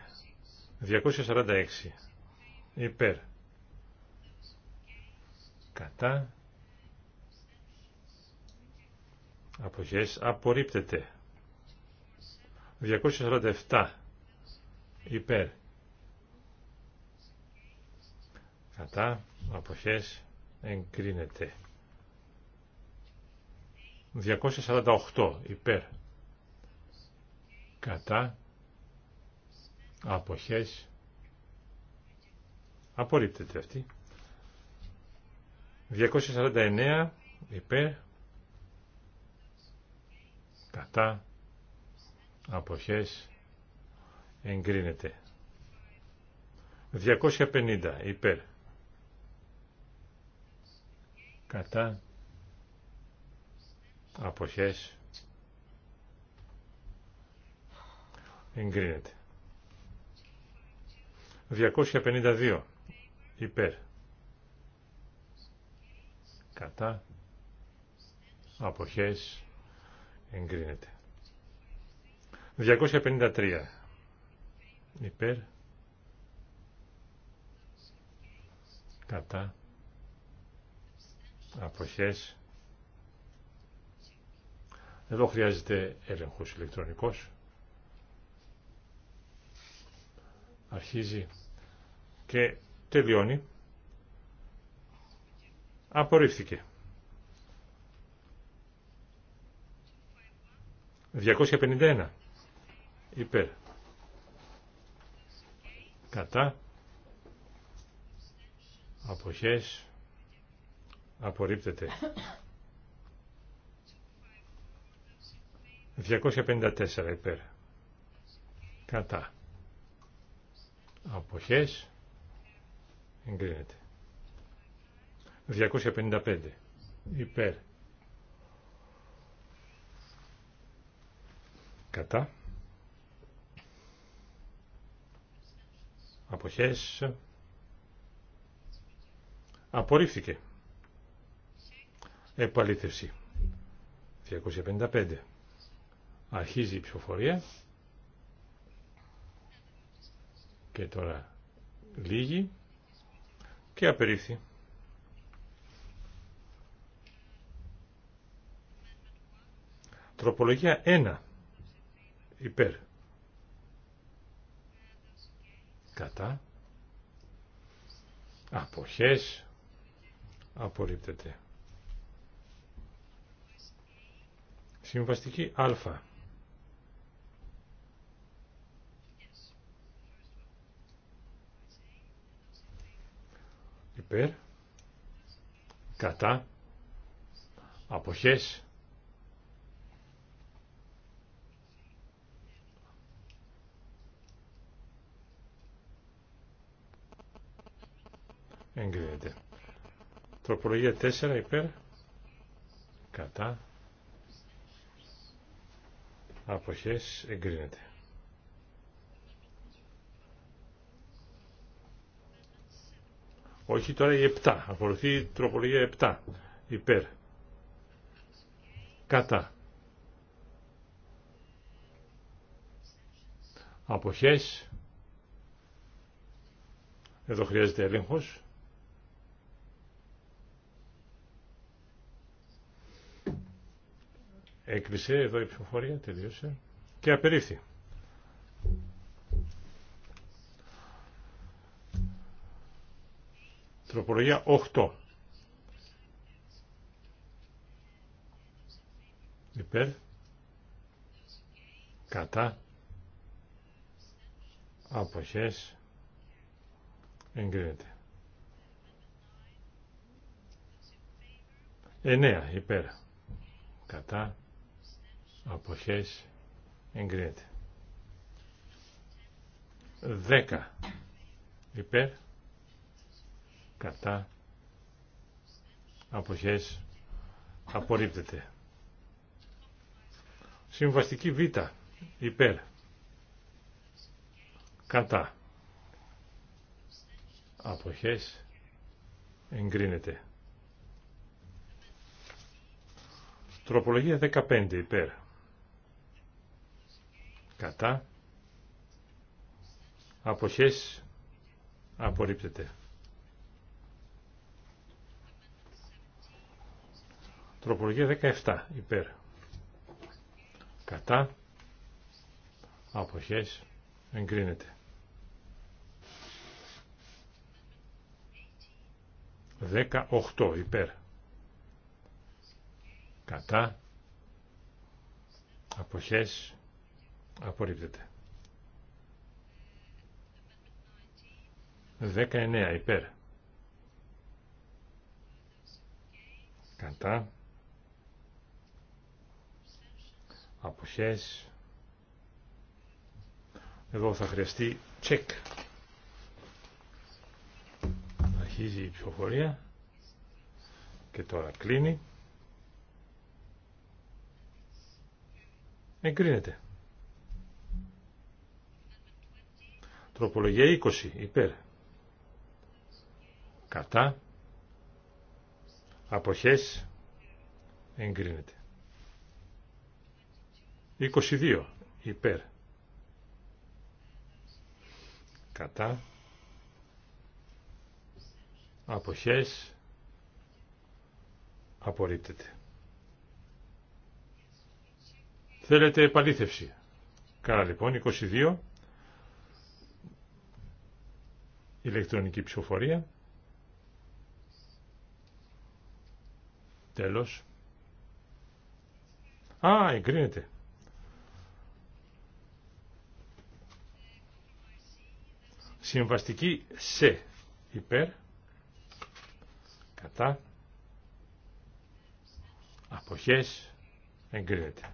246 υπέρ κατά αποχές απορρίπτεται 247 υπέρ κατά αποχές εγκρίνεται 248 υπέρ κατά αποχές απορρίπτεται αυτή 249 υπέρ κατά αποχές εγκρίνεται 250 υπέρ κατά αποχές εγκρίνεται 252 υπέρ κατά αποχές εγκρίνεται 253 υπέρ κατά αποχές εδώ χρειάζεται έλεγχος ηλεκτρονικός αρχίζει και τελειώνει Απορρίφθηκε. 251. Υπέρ. Κατά. Αποχές. Απορρίπτεται. 254 υπέρ. Κατά. Αποχές. Εγκρίνεται. 255 υπέρ κατά αποχές απορρίφθηκε επαλήθευση 255 αρχίζει η ψηφοφορία και τώρα λίγη και απερίφθη Τροπολογία 1. Υπέρ. Κατά. Αποχές. Απορρίπτεται. Συμβαστική α. Υπέρ. Κατά. Αποχές εγκρίνεται. Τροπολογία 4 υπέρ κατά αποχές εγκρίνεται. Όχι τώρα η 7. Ακολουθεί η τροπολογία 7. Υπέρ. Κατά. Αποχές. Εδώ χρειάζεται έλεγχος. Έκλεισε εδώ η ψηφοφορία, τελείωσε και απερίφθη. Τροπολογία 8. Υπέρ. Κατά. Αποχές. Εγκρίνεται. 9. Υπέρ. Κατά. Αποχές εγκρίνεται. 10 υπέρ κατά αποχές απορρίπτεται. Συμβαστική Β υπέρ κατά αποχές εγκρίνεται. Τροπολογία 15 υπέρ κατά αποχές απορρίπτεται. Τροπολογία 17 υπέρ κατά αποχές εγκρίνεται. 18 υπέρ κατά αποχές Απορρίπτεται. 19 υπέρ. Κατά. Αποχές. Εδώ θα χρειαστεί check. Αρχίζει η ψηφοφορία και τώρα κλείνει. Εγκρίνεται. Τροπολογία 20 υπέρ. Κατά. Αποχές. Εγκρίνεται. 22 υπέρ. Κατά. Αποχές. Απορρίπτεται. Θέλετε επαλήθευση. Καλά λοιπόν, 22. ηλεκτρονική ψηφοφορία. Τέλος. Α, εγκρίνεται. Συμβαστική σε υπέρ, κατά, αποχές, εγκρίνεται.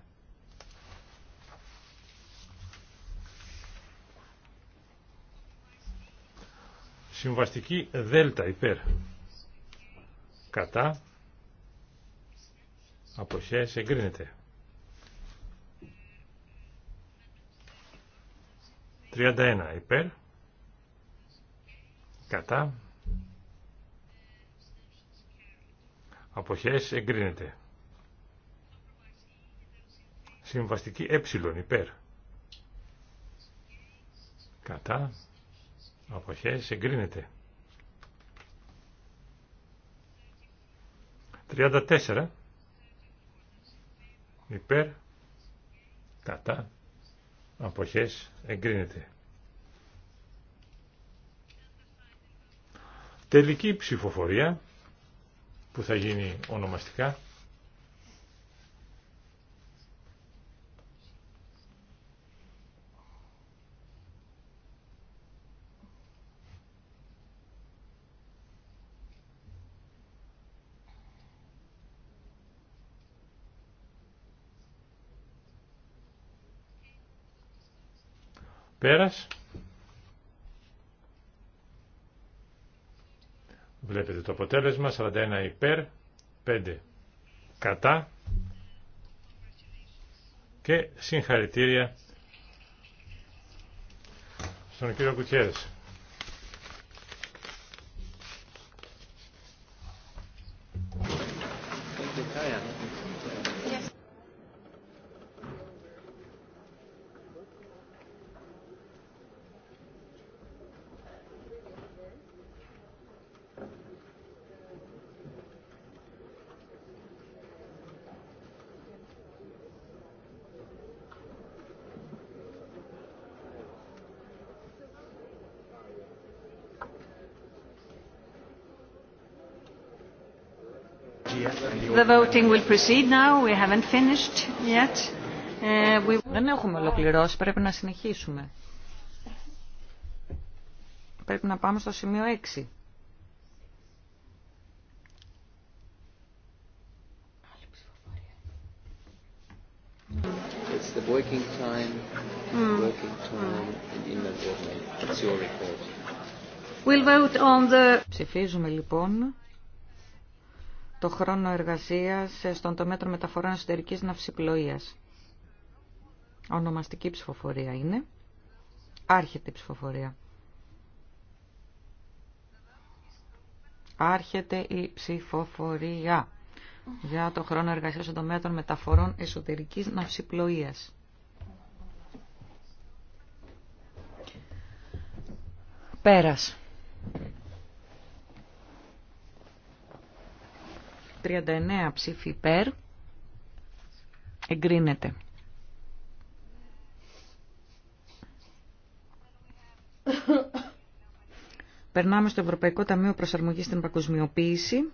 Συμβαστική δέλτα υπέρ. Κατά. Αποχές εγκρίνεται. 31 υπέρ. Κατά. Αποχές εγκρίνεται. Συμβαστική ε υπέρ. Κατά. Αποχές εγκρίνεται. 34 υπέρ κατά αποχές εγκρίνεται. Τελική ψηφοφορία που θα γίνει ονομαστικά. Πέρας. Βλέπετε το αποτέλεσμα, 41 υπέρ, 5 κατά και συγχαρητήρια στον κύριο Κουτιέρες. The voting will proceed now. We haven't finished yet. We... Δεν έχουμε ολοκληρώσει, πρέπει να συνεχίσουμε. Πρέπει να πάμε στο σημείο 6. It's the working time, mm. working time mm. in the It's your report. We'll vote on the... Ψηφίζουμε λοιπόν το χρόνο εργασίας στον τομέα των μεταφορών εσωτερικής ναυσιπλοείας. Ονομαστική ψηφοφορία είναι. Άρχεται η ψηφοφορία. Άρχεται η ψηφοφορία για το χρόνο εργασία στον τομέα των μεταφορών εσωτερικής ναυσιπλοείας. Πέρας. 39 ψήφι υπέρ. Εγκρίνεται. Περνάμε στο Ευρωπαϊκό Ταμείο Προσαρμογής στην Παγκοσμιοποίηση.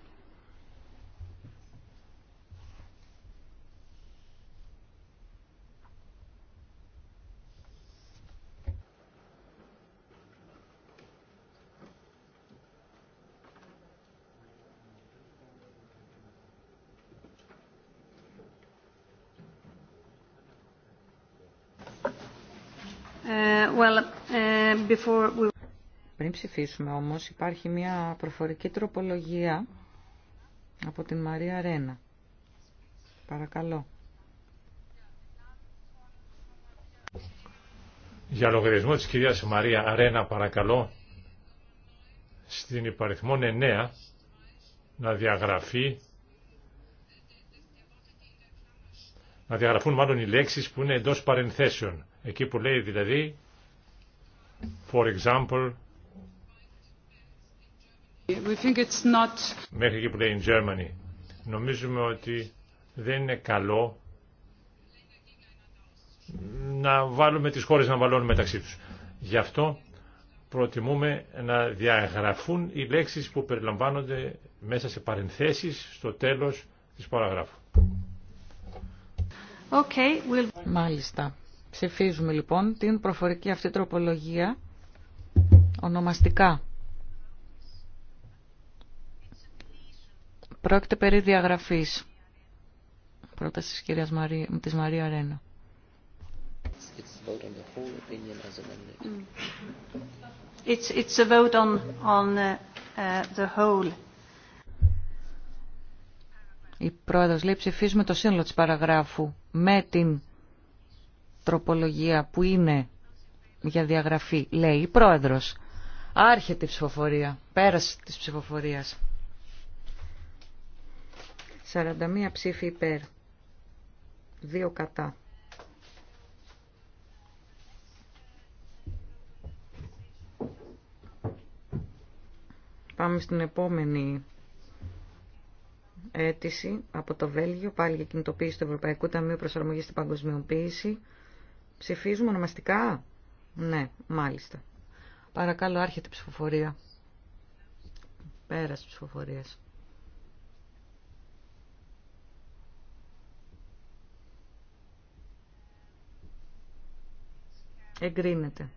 Πριν ψηφίσουμε όμως υπάρχει μια προφορική τροπολογία από την Μαρία Ρένα. Παρακαλώ. Για λογαριασμό της κυρίας Μαρία Ρένα παρακαλώ στην υπαριθμόν 9 να διαγραφεί να διαγραφούν μάλλον οι λέξεις που είναι εντός παρενθέσεων. Εκεί που λέει δηλαδή For example, We think it's not... μέχρι και που λέει in Germany. Νομίζουμε ότι δεν είναι καλό να βάλουμε τις χώρες να βαλώνουν μεταξύ τους. Γι' αυτό προτιμούμε να διαγραφούν οι λέξεις που περιλαμβάνονται μέσα σε παρενθέσεις στο τέλος της παραγράφου. Okay, we'll... Μάλιστα. Ψηφίζουμε λοιπόν την προφορική αυτή τροπολογία ονομαστικά. Πρόκειται περί διαγραφής. Πρόταση της κυρίας Μαρία, της Μαρία Ρένα. Mm. It's, it's a vote on, on uh, uh, the whole. Η πρόεδρος λέει ψηφίζουμε το σύνολο της παραγράφου με την τροπολογία που είναι για διαγραφή, λέει η πρόεδρος. Άρχεται η ψηφοφορία, πέρασε της ψηφοφορίας. 41 ψήφοι υπέρ, 2 κατά. Πάμε στην επόμενη αίτηση από το Βέλγιο, πάλι για κινητοποίηση του Ευρωπαϊκού Ταμείου Προσαρμογής στην Παγκοσμιοποίηση. Ψηφίζουμε ονομαστικά. Ναι, μάλιστα. Παρακαλώ, άρχεται η ψηφοφορία. Πέρας ψηφοφορίας. Εγκρίνεται.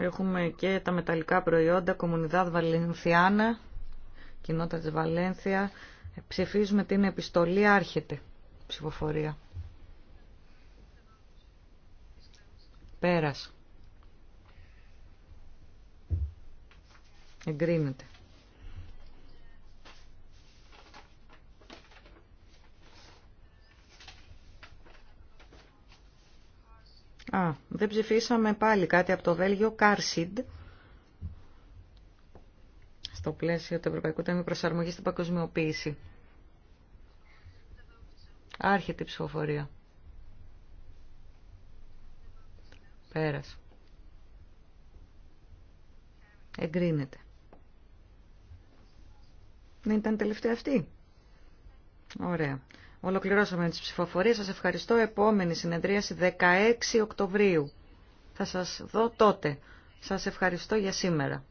Έχουμε και τα μεταλλικά προϊόντα, κομμουνιδά Βαλενθιάνα, Κοινότητα της Βαλένθια. Ε, ψηφίζουμε την επιστολή, άρχεται ψηφοφορία. Πέρας. Εγκρίνεται. Α, δεν ψηφίσαμε πάλι κάτι από το Βέλγιο, Κάρσιντ, στο πλαίσιο του Ευρωπαϊκού Ταμείου Προσαρμογής στην Παγκοσμιοποίηση. Άρχεται η ψηφοφορία. Πέρασε. Εγκρίνεται. Δεν ήταν τελευταία αυτή. Ωραία. Ολοκληρώσαμε τις ψηφοφορίες. Σας ευχαριστώ. Επόμενη συνεδρίαση 16 Οκτωβρίου. Θα σας δω τότε. Σας ευχαριστώ για σήμερα.